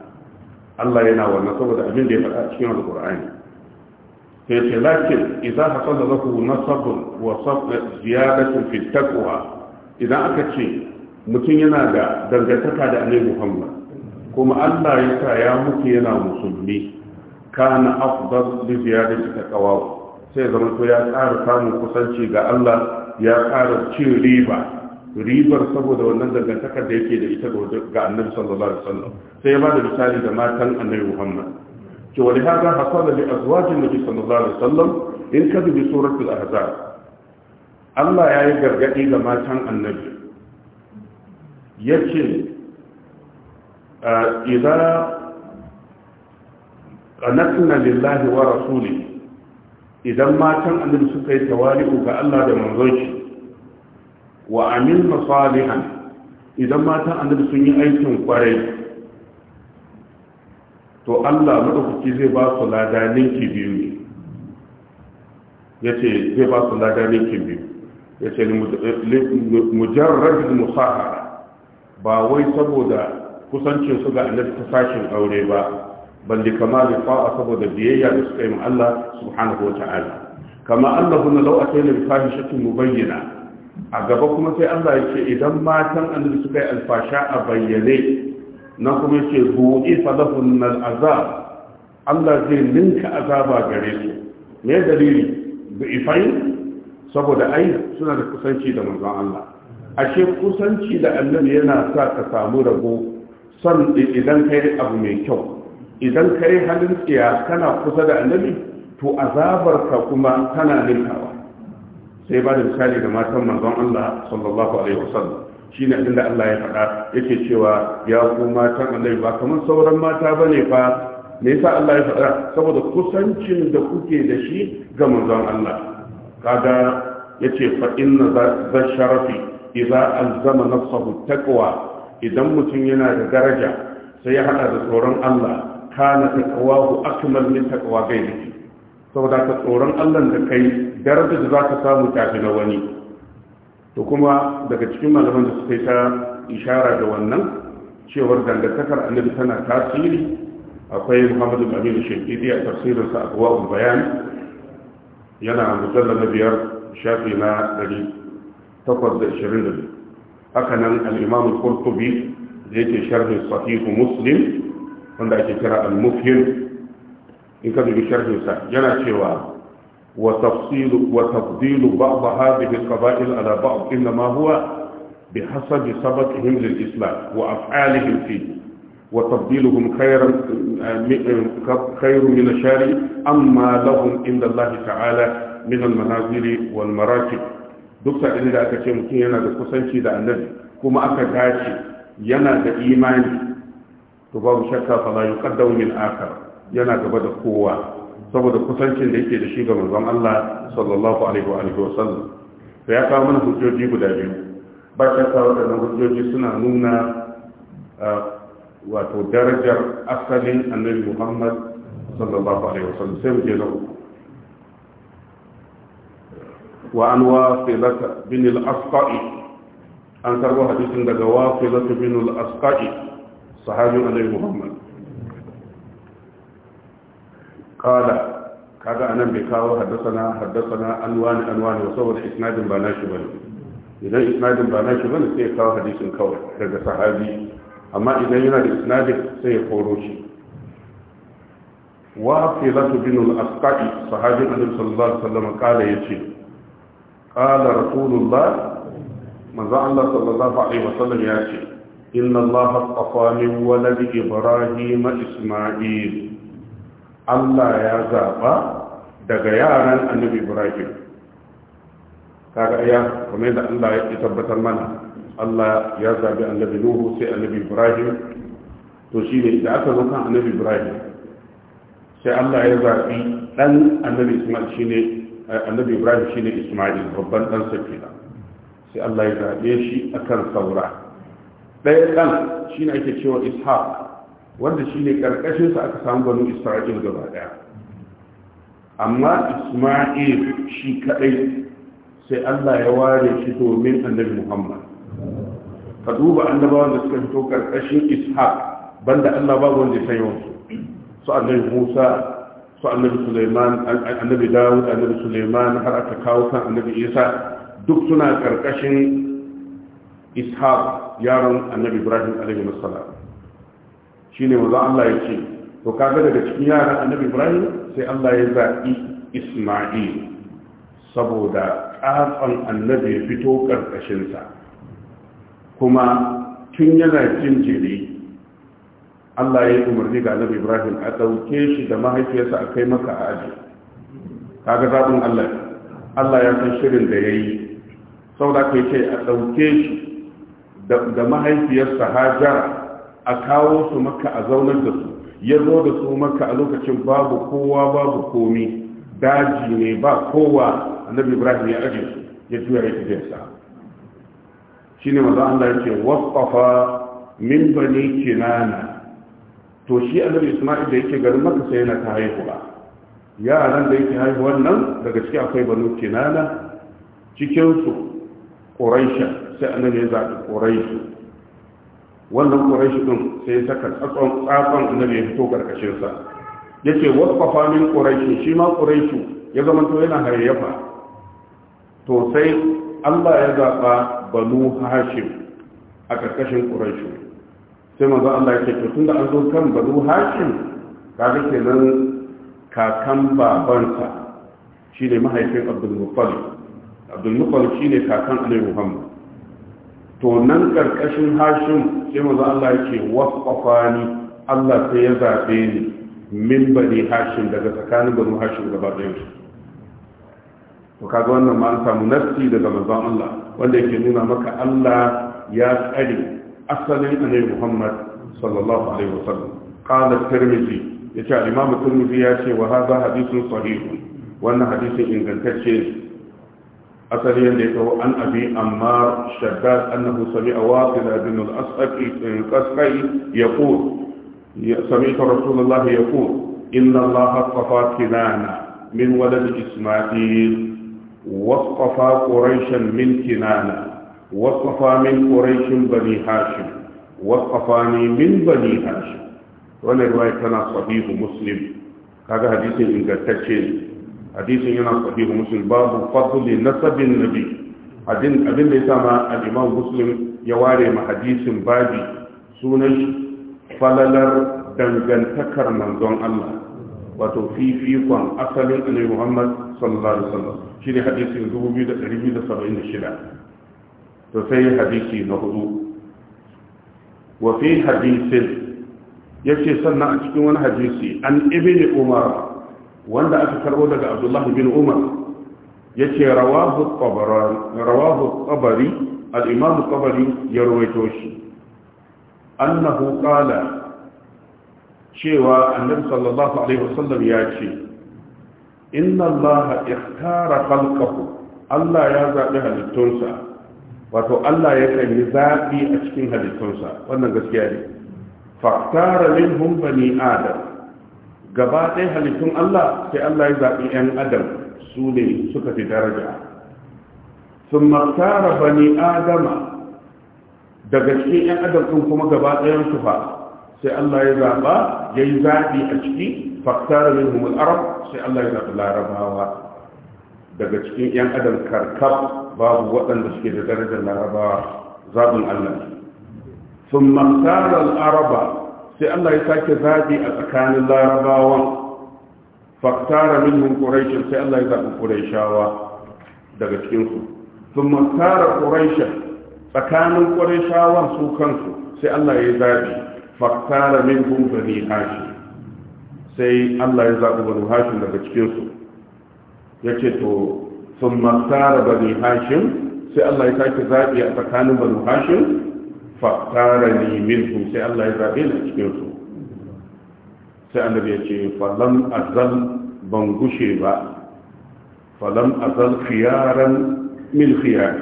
Allah yana wannan saboda abin da ya faɗa cikin alƙur'ani sai ce lakin idan hasala lahu nasabun wa sabr ziyadatun fi taqwa idan aka ce mutum yana da dangantaka da Annabi Muhammad kuma Allah ya sa ya mutu yana musulmi kana afdal li ziyadati taqwa sai zama to ya ƙara samun kusanci ga Allah ya ƙara cin riba ribar saboda wannan dangantakar da yake da ita ga annabi sallallahu alaihi wasallam sai ya ba da misali da matan annabi muhammad to wani haka hasala bi azwajin nabi sallallahu alaihi wasallam in ka bi suratul ahzab Allah ya yi gargadi ga matan annabi yace idza anatna lillahi wa rasuli idan matan annabi suka yi tawali'u ga Allah da manzon shi wa amilna salihan idan matan annabi sun yi aikin kwarai to Allah madaukaki zai ba su lada ninki biyu ne yace zai ba su lada ninki biyu yace mujarrad musahara ba wai saboda kusancin su ga annabi ta sashin aure ba balli da fa'a saboda biyayya da suka yi ma Allah subhanahu wa ta'ala kama annahunna law atayna bi fahishatin mubayyana a gaba kuma sai Allah ya ce idan matan annabi suka yi alfasha a bayyane na kuma ya ce buɗe falafun nan azab Allah zai ninka azaba gare su me dalili da ifai saboda ai suna da kusanci da manzon Allah ashe kusanci da annabi yana sa ka samu rabo son idan kai abu mai kyau idan kai halin tsiya kana kusa da annabi to azabarka kuma tana ninkawa sai ba da misali ga matan manzon Allah sallallahu alaihi wasallam shine abin da Allah ya faɗa yake cewa ya ku matan Allah ba kamar sauran mata bane fa me yasa Allah ya faɗa saboda kusancin da kuke da shi ga manzon Allah kaga yace fa inna za sharafi idza alzama nafsahu taqwa idan mutum yana da daraja sai ya hada da tsoron Allah kana taqwahu akmal min taqwa ghairihi saboda ka tsoron Allah da kai darajar da za ka samu tafi na wani to kuma daga cikin malaman da suka yi ta ishara da wannan cewar dangantakar annabi tana tasiri akwai muhammadu amin shekidi a tafsirinsa a kuwa bayan yana mujallar na biyar shafi na da haka nan al'imamu kurtubi da yake sharhin sahihu muslim wanda ake kira al-mufyin in ka dubi sharhinsa yana cewa وتفصيل وتفضيل بعض هذه القبائل على بعض إنما هو بحسب سبقهم للإسلام وأفعالهم فيه وتفضيلهم خير خير من الشارع أما لهم عند الله تعالى من المنازل والمراتب dukkan inda aka ce mutum yana da kusanci da annabi kuma aka dace yana da imani to babu shakka fa la yuqaddamu min akhar yana gaba da kowa saboda kusancin da yake da shi ga manzon Allah sallallahu alaihi wa alihi wasallam to ya kawo mana hujjoji guda biyu ba shakka waɗannan hujjoji suna nuna wato darajar asalin annabi Muhammad sallallahu alaihi wa sallam. sai mu je na wa an wasilata bin al-asqa'i an karbo hadisin daga wasilata bin al-asqa'i sahabi annabi Muhammad qala kaga anan bai kawo haddasana haddasana anwani anwani wa saboda isnadin ba nashi bane idan isnadin ba nashi bane sai ya kawo hadisin kawai daga sahabi amma idan yana da isnadin sai ya koro shi wa filatu bin al-asqai sahabin annabi sallallahu alaihi wasallam kala yace qala rasulullah manzo Allah sallallahu alaihi yace inna Allah astafa min waladi ibrahim isma'il Allah ya zaɓa daga yaran annabi Ibrahim kaga ya kuma yadda Allah ya tabbatar mana Allah ya zaɓi annabi Nuhu sai annabi Ibrahim to shi ne da aka zo kan annabi Ibrahim sai Allah ya zaɓi ɗan annabi Ismail shi ne eh, annabi Ibrahim shi ne Ismail babban ɗan sakina sai Allah ya zaɓe shi akan saura ɗaya ɗan shi ne ake cewa Ishaq wanda shi ne ƙarƙashinsa aka samu banu isra'il gaba ɗaya amma isma'il shi kaɗai sai allah ya ware shi domin annabi muhammad ka duba annabawan da suka fito ƙarƙashin ishaq banda allah babu wanda ya san su annabi musa su annabi suleiman annabi dawud annabi suleiman har aka kawo kan annabi isa duk suna ƙarƙashin ishaq yaron annabi ibrahim alaihi wasallam shine manzo Allah ya ce to kaga daga cikin yaran annabi Ibrahim sai Allah ya zaɓi Isma'il saboda tsatsan annabi ya fito ƙarƙashinsa kuma tun yana jin jiri Allah ya yi umarni ga annabi Ibrahim a ɗauke shi da mahaifiyarsa a kai maka a aji kaga zaɓin Allah Allah ya san shirin da ya yi saboda kai ce a ɗauke shi da mahaifiyarsa hajar a kawo su maka a zaunar da su ya zo da su maka a lokacin babu kowa babu komi daji ne ba kowa annabi ibrahim ya aje su ya juya ya tafiya sa shine manzo Allah ya ce wasfafa min bani kinana to shi annabi isma'il da yake garin maka sai yana ta haihuwa yaran da yake haihuwar nan daga ciki akwai banu kinana cikin su quraisha sai annabi ya zaɓi quraisha wannan quraishi din sai ya saka tsatson tsatson annabi ya fito karkashin sa yace wasu min quraishi shi ma quraishi ya zama to yana hayyafa to sai Allah ya zaba banu hashim a karkashin quraishi sai manzo Allah ya ce to tunda an zo kan banu hashim kaga kenan kakan babansa shine mahaifin Abdul Muttalib Abdul Muttalib shine kakan Annabi Muhammad to nan karkashin hashin sai maza Allah yake ni, Allah sai ya zaɓe ni min bani hashin daga tsakanin bani hashin gaba ɗayan su to kaga wannan ma an samu nafsi daga manzon Allah wanda yake nuna maka Allah ya tsare asalin annabi Muhammad sallallahu alaihi wasallam qala tirmidhi yace al-imam tirmidhi yace wa hadha hadithun sahih wannan hadisin ingantacce ne أتري ذكر عن أبي أمار الشداد أنه سمع واصل بن الأسقي يقول سمعت رسول الله يقول إن الله اصطفى كنانة من ولد إسماعيل واصطفى قريشا من كنانة واصطفى من قريش بني هاشم واصطفاني من بني هاشم ولا رواية أنا صحيح مسلم هذا حديث إن قد hadisin yana sahihu muslim babu fadli nasabin nabi abin abin da yasa ma al-imam muslim ya ware ma hadisin babi sunan falalar dangantakar manzon Allah wato fifikon asalin annabi Muhammad sallallahu alaihi wasallam shine hadisin 2276 to sai hadisi na hudu wa fi hadisin yace sannan a cikin wani hadisi an ibni umar wanda aka karbo daga abdullahi bin umar ya ce, tabarani rawahu tabari al-imam tabari ya rawaito shi annahu qala cewa annabi sallallahu alaihi wasallam ya ce inna allaha ikhtara khalqahu allah ya zaɓi halittunsa wato allah ya kan yi zabi a cikin halittunsa wannan gaskiya ne fa tara minhum bani adam gaba ɗaya halittun Allah sai Allah ya zaɓi 'yan adam su ne suka fi daraja sun maktara bani adama daga cikin 'yan adam ɗin kuma gaba ɗayan su fa sai Allah ya zaɓa ya yi zaɓi a ciki faktara min humul arab sai Allah ya zaɓi larabawa daga cikin 'yan adam karkar babu waɗanda suke da darajar larabawa zaɓin Allah sun maktara al'araba sai Allah ya sake zaɓi a tsakanin larabawan faktara minhum quraish sai Allah ya zabi quraishawa daga cikin su thumma tara quraish tsakanin quraishawan su kansu sai Allah ya zaɓi, faktara minhum bani hashim sai Allah ya zaɓi bani hashim daga cikin su yace to thumma tara bani hashim sai Allah ya sake zaɓi a tsakanin bani hashim fattara ni minhum sai Allah ya zabe ni cikin su sai annabi ya ce falam azal ban gushe ba falam azal khiyaran min khiyar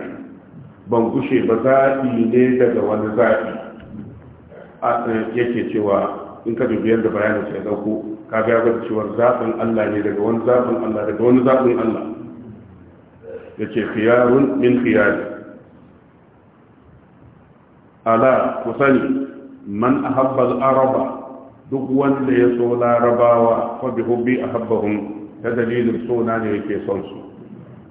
ban gushe ba zaɓi ne daga wani zaɓi eh, yake cewa in ka dubi yadda bayanin sai dauko ka ga ba cewa zaɓin Allah ne daga wani zaɓin Allah daga wani zaɓin Allah yace khiyarun min khiyar ala ku sani man ahabba al-araba duk wanda ya so larabawa fa bi hubbi ahabbahum ta dalilin suna ne yake son su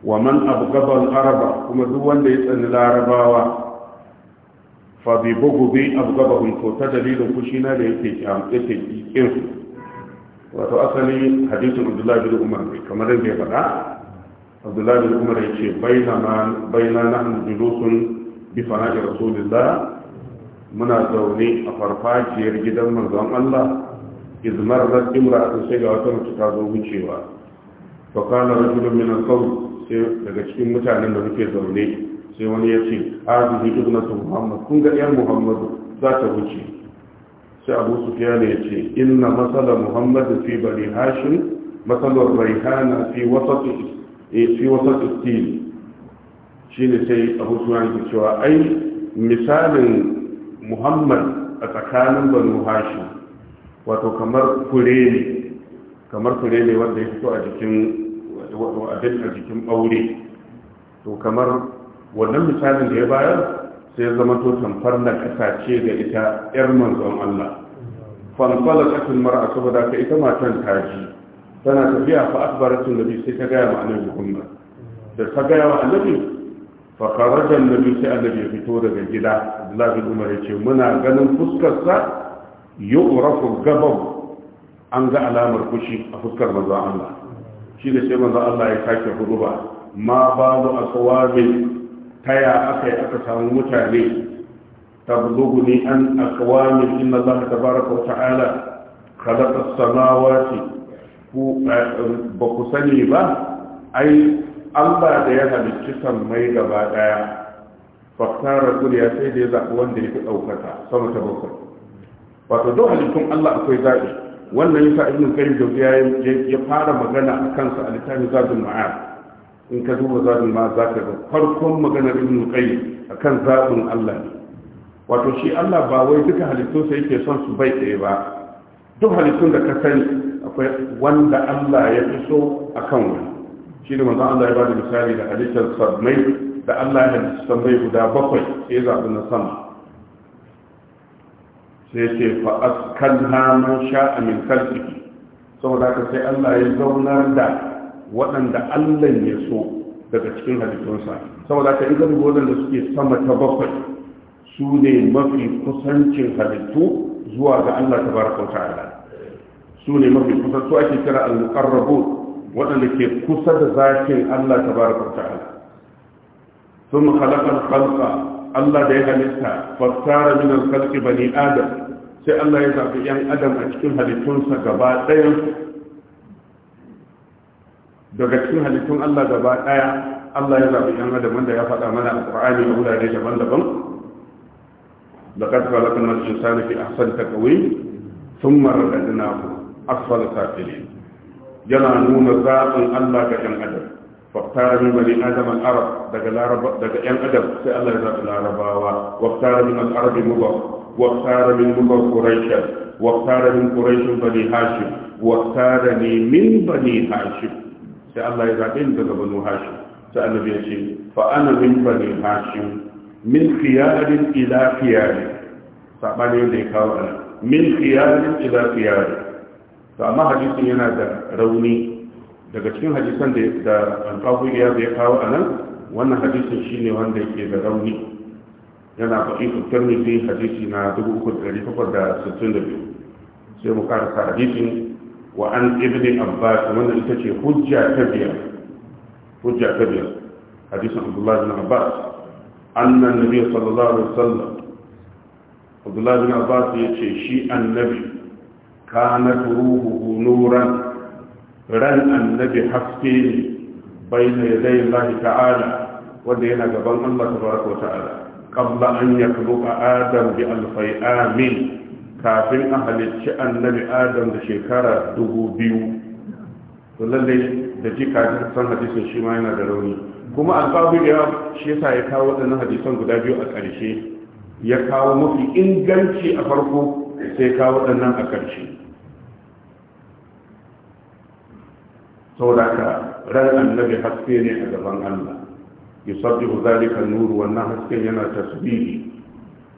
wa man abghaba al-araba kuma duk wanda ya tsani larabawa fa bi bughdi abghadahum ko ta dalilin kushi na da yake kyam yake kin su wato asali hadisin Abdullahi bin Umar kamar yadda ya faɗa Abdullah bin Umar yace baina ma baina nahnu julusun bi fana'i rasulillah muna zaune a farfajiyar gidan manzon Allah izmar da imra'atun sai ga wata mace ta zo wucewa fa kana rajulun min al-qawm sai daga cikin mutanen da muke zaune sai wani ya ce hadhihi ibnatu muhammad kun ga yar muhammadu za ta wuce sai abu sufyan ya ce inna masala muhammad fi bani hashim masalar raihana fi wasati eh, fi wasati shine sai abu sufyan ya ce cewa ai misalin muhammad a tsakanin banu Hashi, wato kamar fure ne kamar fure ne wanda ya fito a jikin abin a jikin ɓaure to kamar wannan misalin da ya bayar sai zama to tamfar na kasace da ita yar manzon Allah fanfala katin mar'a saboda ka ita matan taji tana tafiya fa akbaratin nabi sai ta gaya wa annabi Muhammad da ta gaya wa annabi fa kharaja annabi sai annabi ya fito daga gida abdullahi bin umar ya ce muna ganin fuskarsa yu'rafu gaban an ga alamar fushi a fuskar manzo Allah shi da ce manzo Allah ya sake ba, ma balu aswabi taya akai aka samu mutane tablughuni an aqwami inna Allah tabaraka wa ta'ala khalaqa as-samawati ku eh, ba ku sani ba ai Allah da ya halicci sammai gaba daya faktara ya sai da ya zaɓi wanda ya fi ɗaukata sama ta bakwai wato don halittun allah akwai zaɓi wannan yasa ibn karim da ya fara magana a kansa a littafin zadun ma'ad in ka duba zadun ma'ad za ka ga farkon maganar ibn karim a kan zaɓin allah ne wato shi allah ba wai duka halittunsa yake son su bai ɗaya ba duk halittun da ka sani akwai wanda allah ya fi so a kan wani shi ne manzon allah ya ba da misali da halittar sabmai da Allah ya halitta tambayi guda bakwai sai zaɓi na sama sai ce fa askalna man sha'a min kalbihi saboda ka sai Allah ya zaunar da waɗanda Allah ya so daga cikin halittunsa saboda haka idan waɗanda suke sama ta bakwai su ne mafi kusancin halittu zuwa ga Allah ta baraka wa ta'ala su ne mafi kusa su ake kira al-muqarrabun waɗanda ke kusa da zakin Allah ta baraka wa ta'ala sun halakar halka Allah da ya halitta fassara min alkalki bani adam sai Allah ya zaɓi yan adam a cikin halittunsa gaba ɗayan daga cikin halittun Allah gaba ɗaya Allah ya zaɓi yan adam da ya faɗa mana a Qur'ani a wurare daban-daban لقد خلقنا الإنسان في أحسن تقويم ثم رددناه أسفل سافلين yana nuna zaɓin Allah ga ‘yan adam واختار من بني ادم العرب دغ العرب دغ ين ادم سي الله يزاد العرباوا واختار من العرب مضر واختار من مضر قريشا واختار من قريش بني هاشم واختارني من بني هاشم سي الله يزاد دغ بنو هاشم سي النبي يشي فانا من بني هاشم من خيار الى خيار sabani da ya kawo min khiyarin ila khiyar to amma hadisin yana da rauni daga cikin hadisan da alfahuriya ya ya kawo a nan wannan hadisin shine wanda yake da rauni yana faɗi tirmidhi hadisi na 3862 sai mu karasa hadisin wa an ibn abbas wanda ita ce hujja ta biyar hujja ta biyar hadisin abdullahi bin abbas annan nabi sallallahu alaihi wasallam abdullahi bin abbas ya ce shi annabi kana ruhuhu nuran ran annabi haske ne bai ne zai lahi ta'ala wanda yana gaban Allah baraka wa ta'ala qabla an yakhluqa adam bi alfai amin kafin a halicci annabi adam da shekara dubu biyu to lallai da jika san hadisin shi ma yana da rauni kuma alfabu da shi yasa ya kawo waɗannan hadisan guda biyu a ƙarshe ya kawo mafi inganci a farko sai kawo waɗannan a ƙarshe saboda haka ran annabi haske ne a gaban Allah yusabbihu zalika an-nur wannan hasken yana tasbihi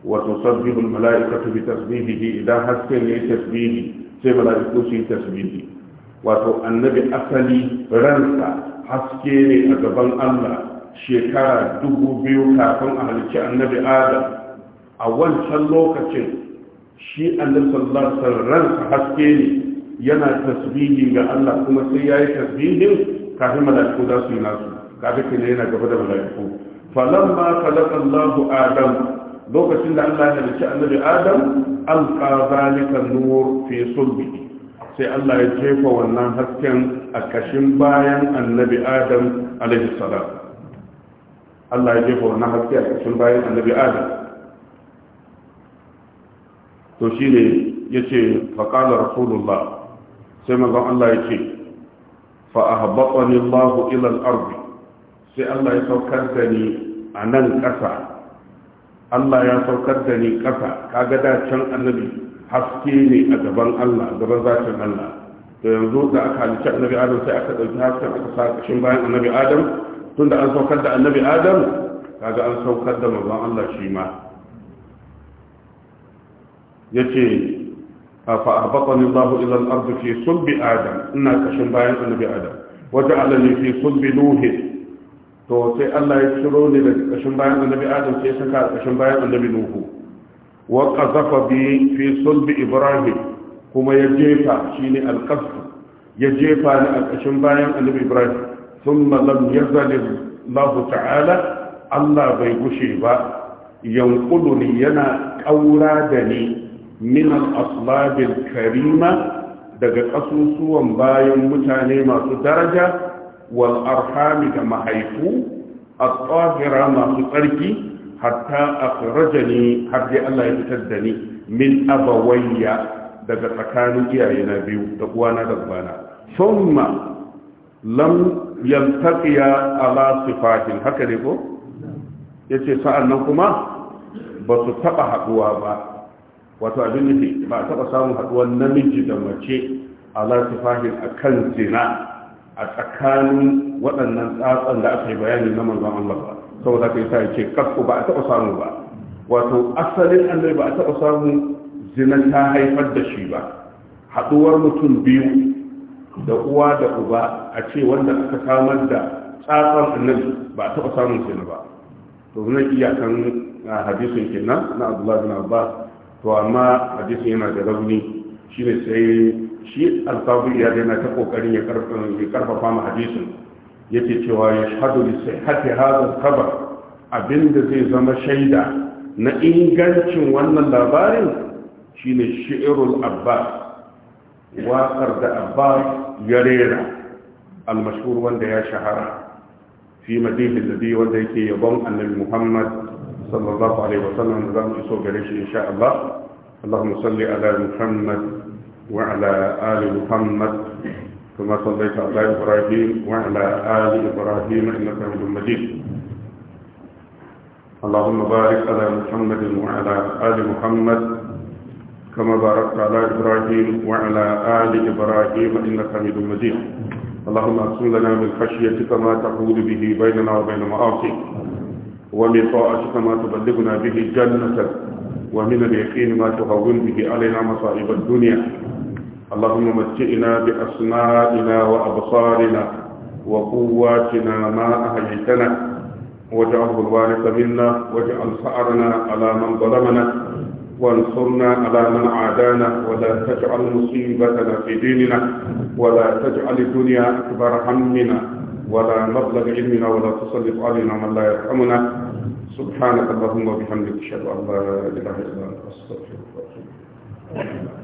wa tusabbihu al-mala'ikatu bi tasbihihi idan hasken ne tasbihi sai mala'iku su yi tasbihi wato annabi asali ransa haske ne a gaban Allah shekara dubu biyu kafin a halicci annabi adam a wancan lokacin shi annabi sallallahu alaihi wasallam ransa haske ne yana tasbihi ga Allah kuma sai yayi tasbihin kafin malaiku za su yi nasu kafin kina yana gaba da malaiku falamma khalaqa Allahu Adam lokacin da Allah ya halicci annabi Adam an zalika nur fi sulbi sai Allah ya jefa wannan hasken a kashin bayan annabi Adam alaihi salam Allah ya jefa wannan haske a kashin bayan annabi Adam to shi ne ya ce faƙalar rasulullah sai manzon Allah ya ce fa a Allah ila al-ard sai Allah ya saukar da ni a nan ƙasa Allah ya saukar da ni ƙasa kaga da can annabi haske ne a gaban Allah gaban zatin Allah da yanzu da aka halicci annabi Adam sai aka ɗauki hasken aka sa ƙashin bayan annabi Adam tun da an saukar da annabi Adam kaga an saukar da manzon Allah shi ma ya ce. فأهبطني الله إلى الأرض في صلب آدم إنا كشن باين النبي آدم وجعلني في صلب نوح to sai Allah ya ciro ni daga ƙashin bayan annabi Adam sai saka ƙashin bayan annabi Nuhu wa qazafa bi fi sulbi Ibrahim kuma ya jefa shine al-qasf ya jefa ni a ƙashin bayan annabi Ibrahim thumma ta'ala Allah bai gushe ba yanquduni yana ƙaura da ni min al karima daga ƙasusuwan bayan mutane masu daraja wal arhami da mahaifu a tsahira masu tsarki hatta akhrajani har dai Allah ya fitar da ni min abawayya daga tsakanin iyaye na biyu da uwana da ubana thumma lam yaltaqiya ala sifatin haka ne ko sa'an nan kuma ba su taɓa haɗuwa ba wato abin nufi ba a taɓa samun haɗuwar namiji da mace a latifahin a kan zina a tsakanin waɗannan tsatsan da aka yi bayani na manzon Allah ba saboda kai sa ce kasko ba a taɓa samu ba wato asalin annabi ba a taba samu zina ta haifar da shi ba haɗuwar mutum biyu da uwa da uba a ce wanda aka samar da tsatsan annabi ba a taɓa samun zina ba to zan iyakan ah, hadisin kenan na Abdullah bin Abbas to amma hadisi yana da rauni shi ne sai shi alfawuri ya daina ta kokarin ya karfafa ma hadisin yake cewa ya shahadu da sai hati hazar kaba. abinda zai zama shaida na ingancin wannan labarin shi ne shi'irul abbas waƙar da abbas ya rera almashhur wanda ya shahara fi madihin nabi wanda yake yabon annabi muhammad صلى الله عليه وسلم في إسو قريش إن شاء الله اللهم صل على محمد وعلى آل محمد كما صليت على إبراهيم وعلى آل إبراهيم إنك حميد مجيد اللهم بارك على محمد وعلى آل محمد كما باركت على إبراهيم وعلى آل إبراهيم إنك حميد مجيد اللهم اقسم لنا من خشيتك ما تقول به بيننا وبين معاصيك ومن طاعتك ما تبلغنا به جنتك ومن اليقين ما تهون به علينا مصائب الدنيا اللهم متئنا بأسمائنا وأبصارنا وقواتنا ما أهيتنا واجعله الوارث منا واجعل ثأرنا على من ظلمنا وانصرنا على من عادانا ولا تجعل مصيبتنا في ديننا ولا تجعل الدنيا أكبر همنا ولا مبلغ علمنا ولا تسلط علينا من لا يرحمنا سبحانك اللهم وبحمدك اشهد ان لا اله الا انت استغفرك واتوب اليك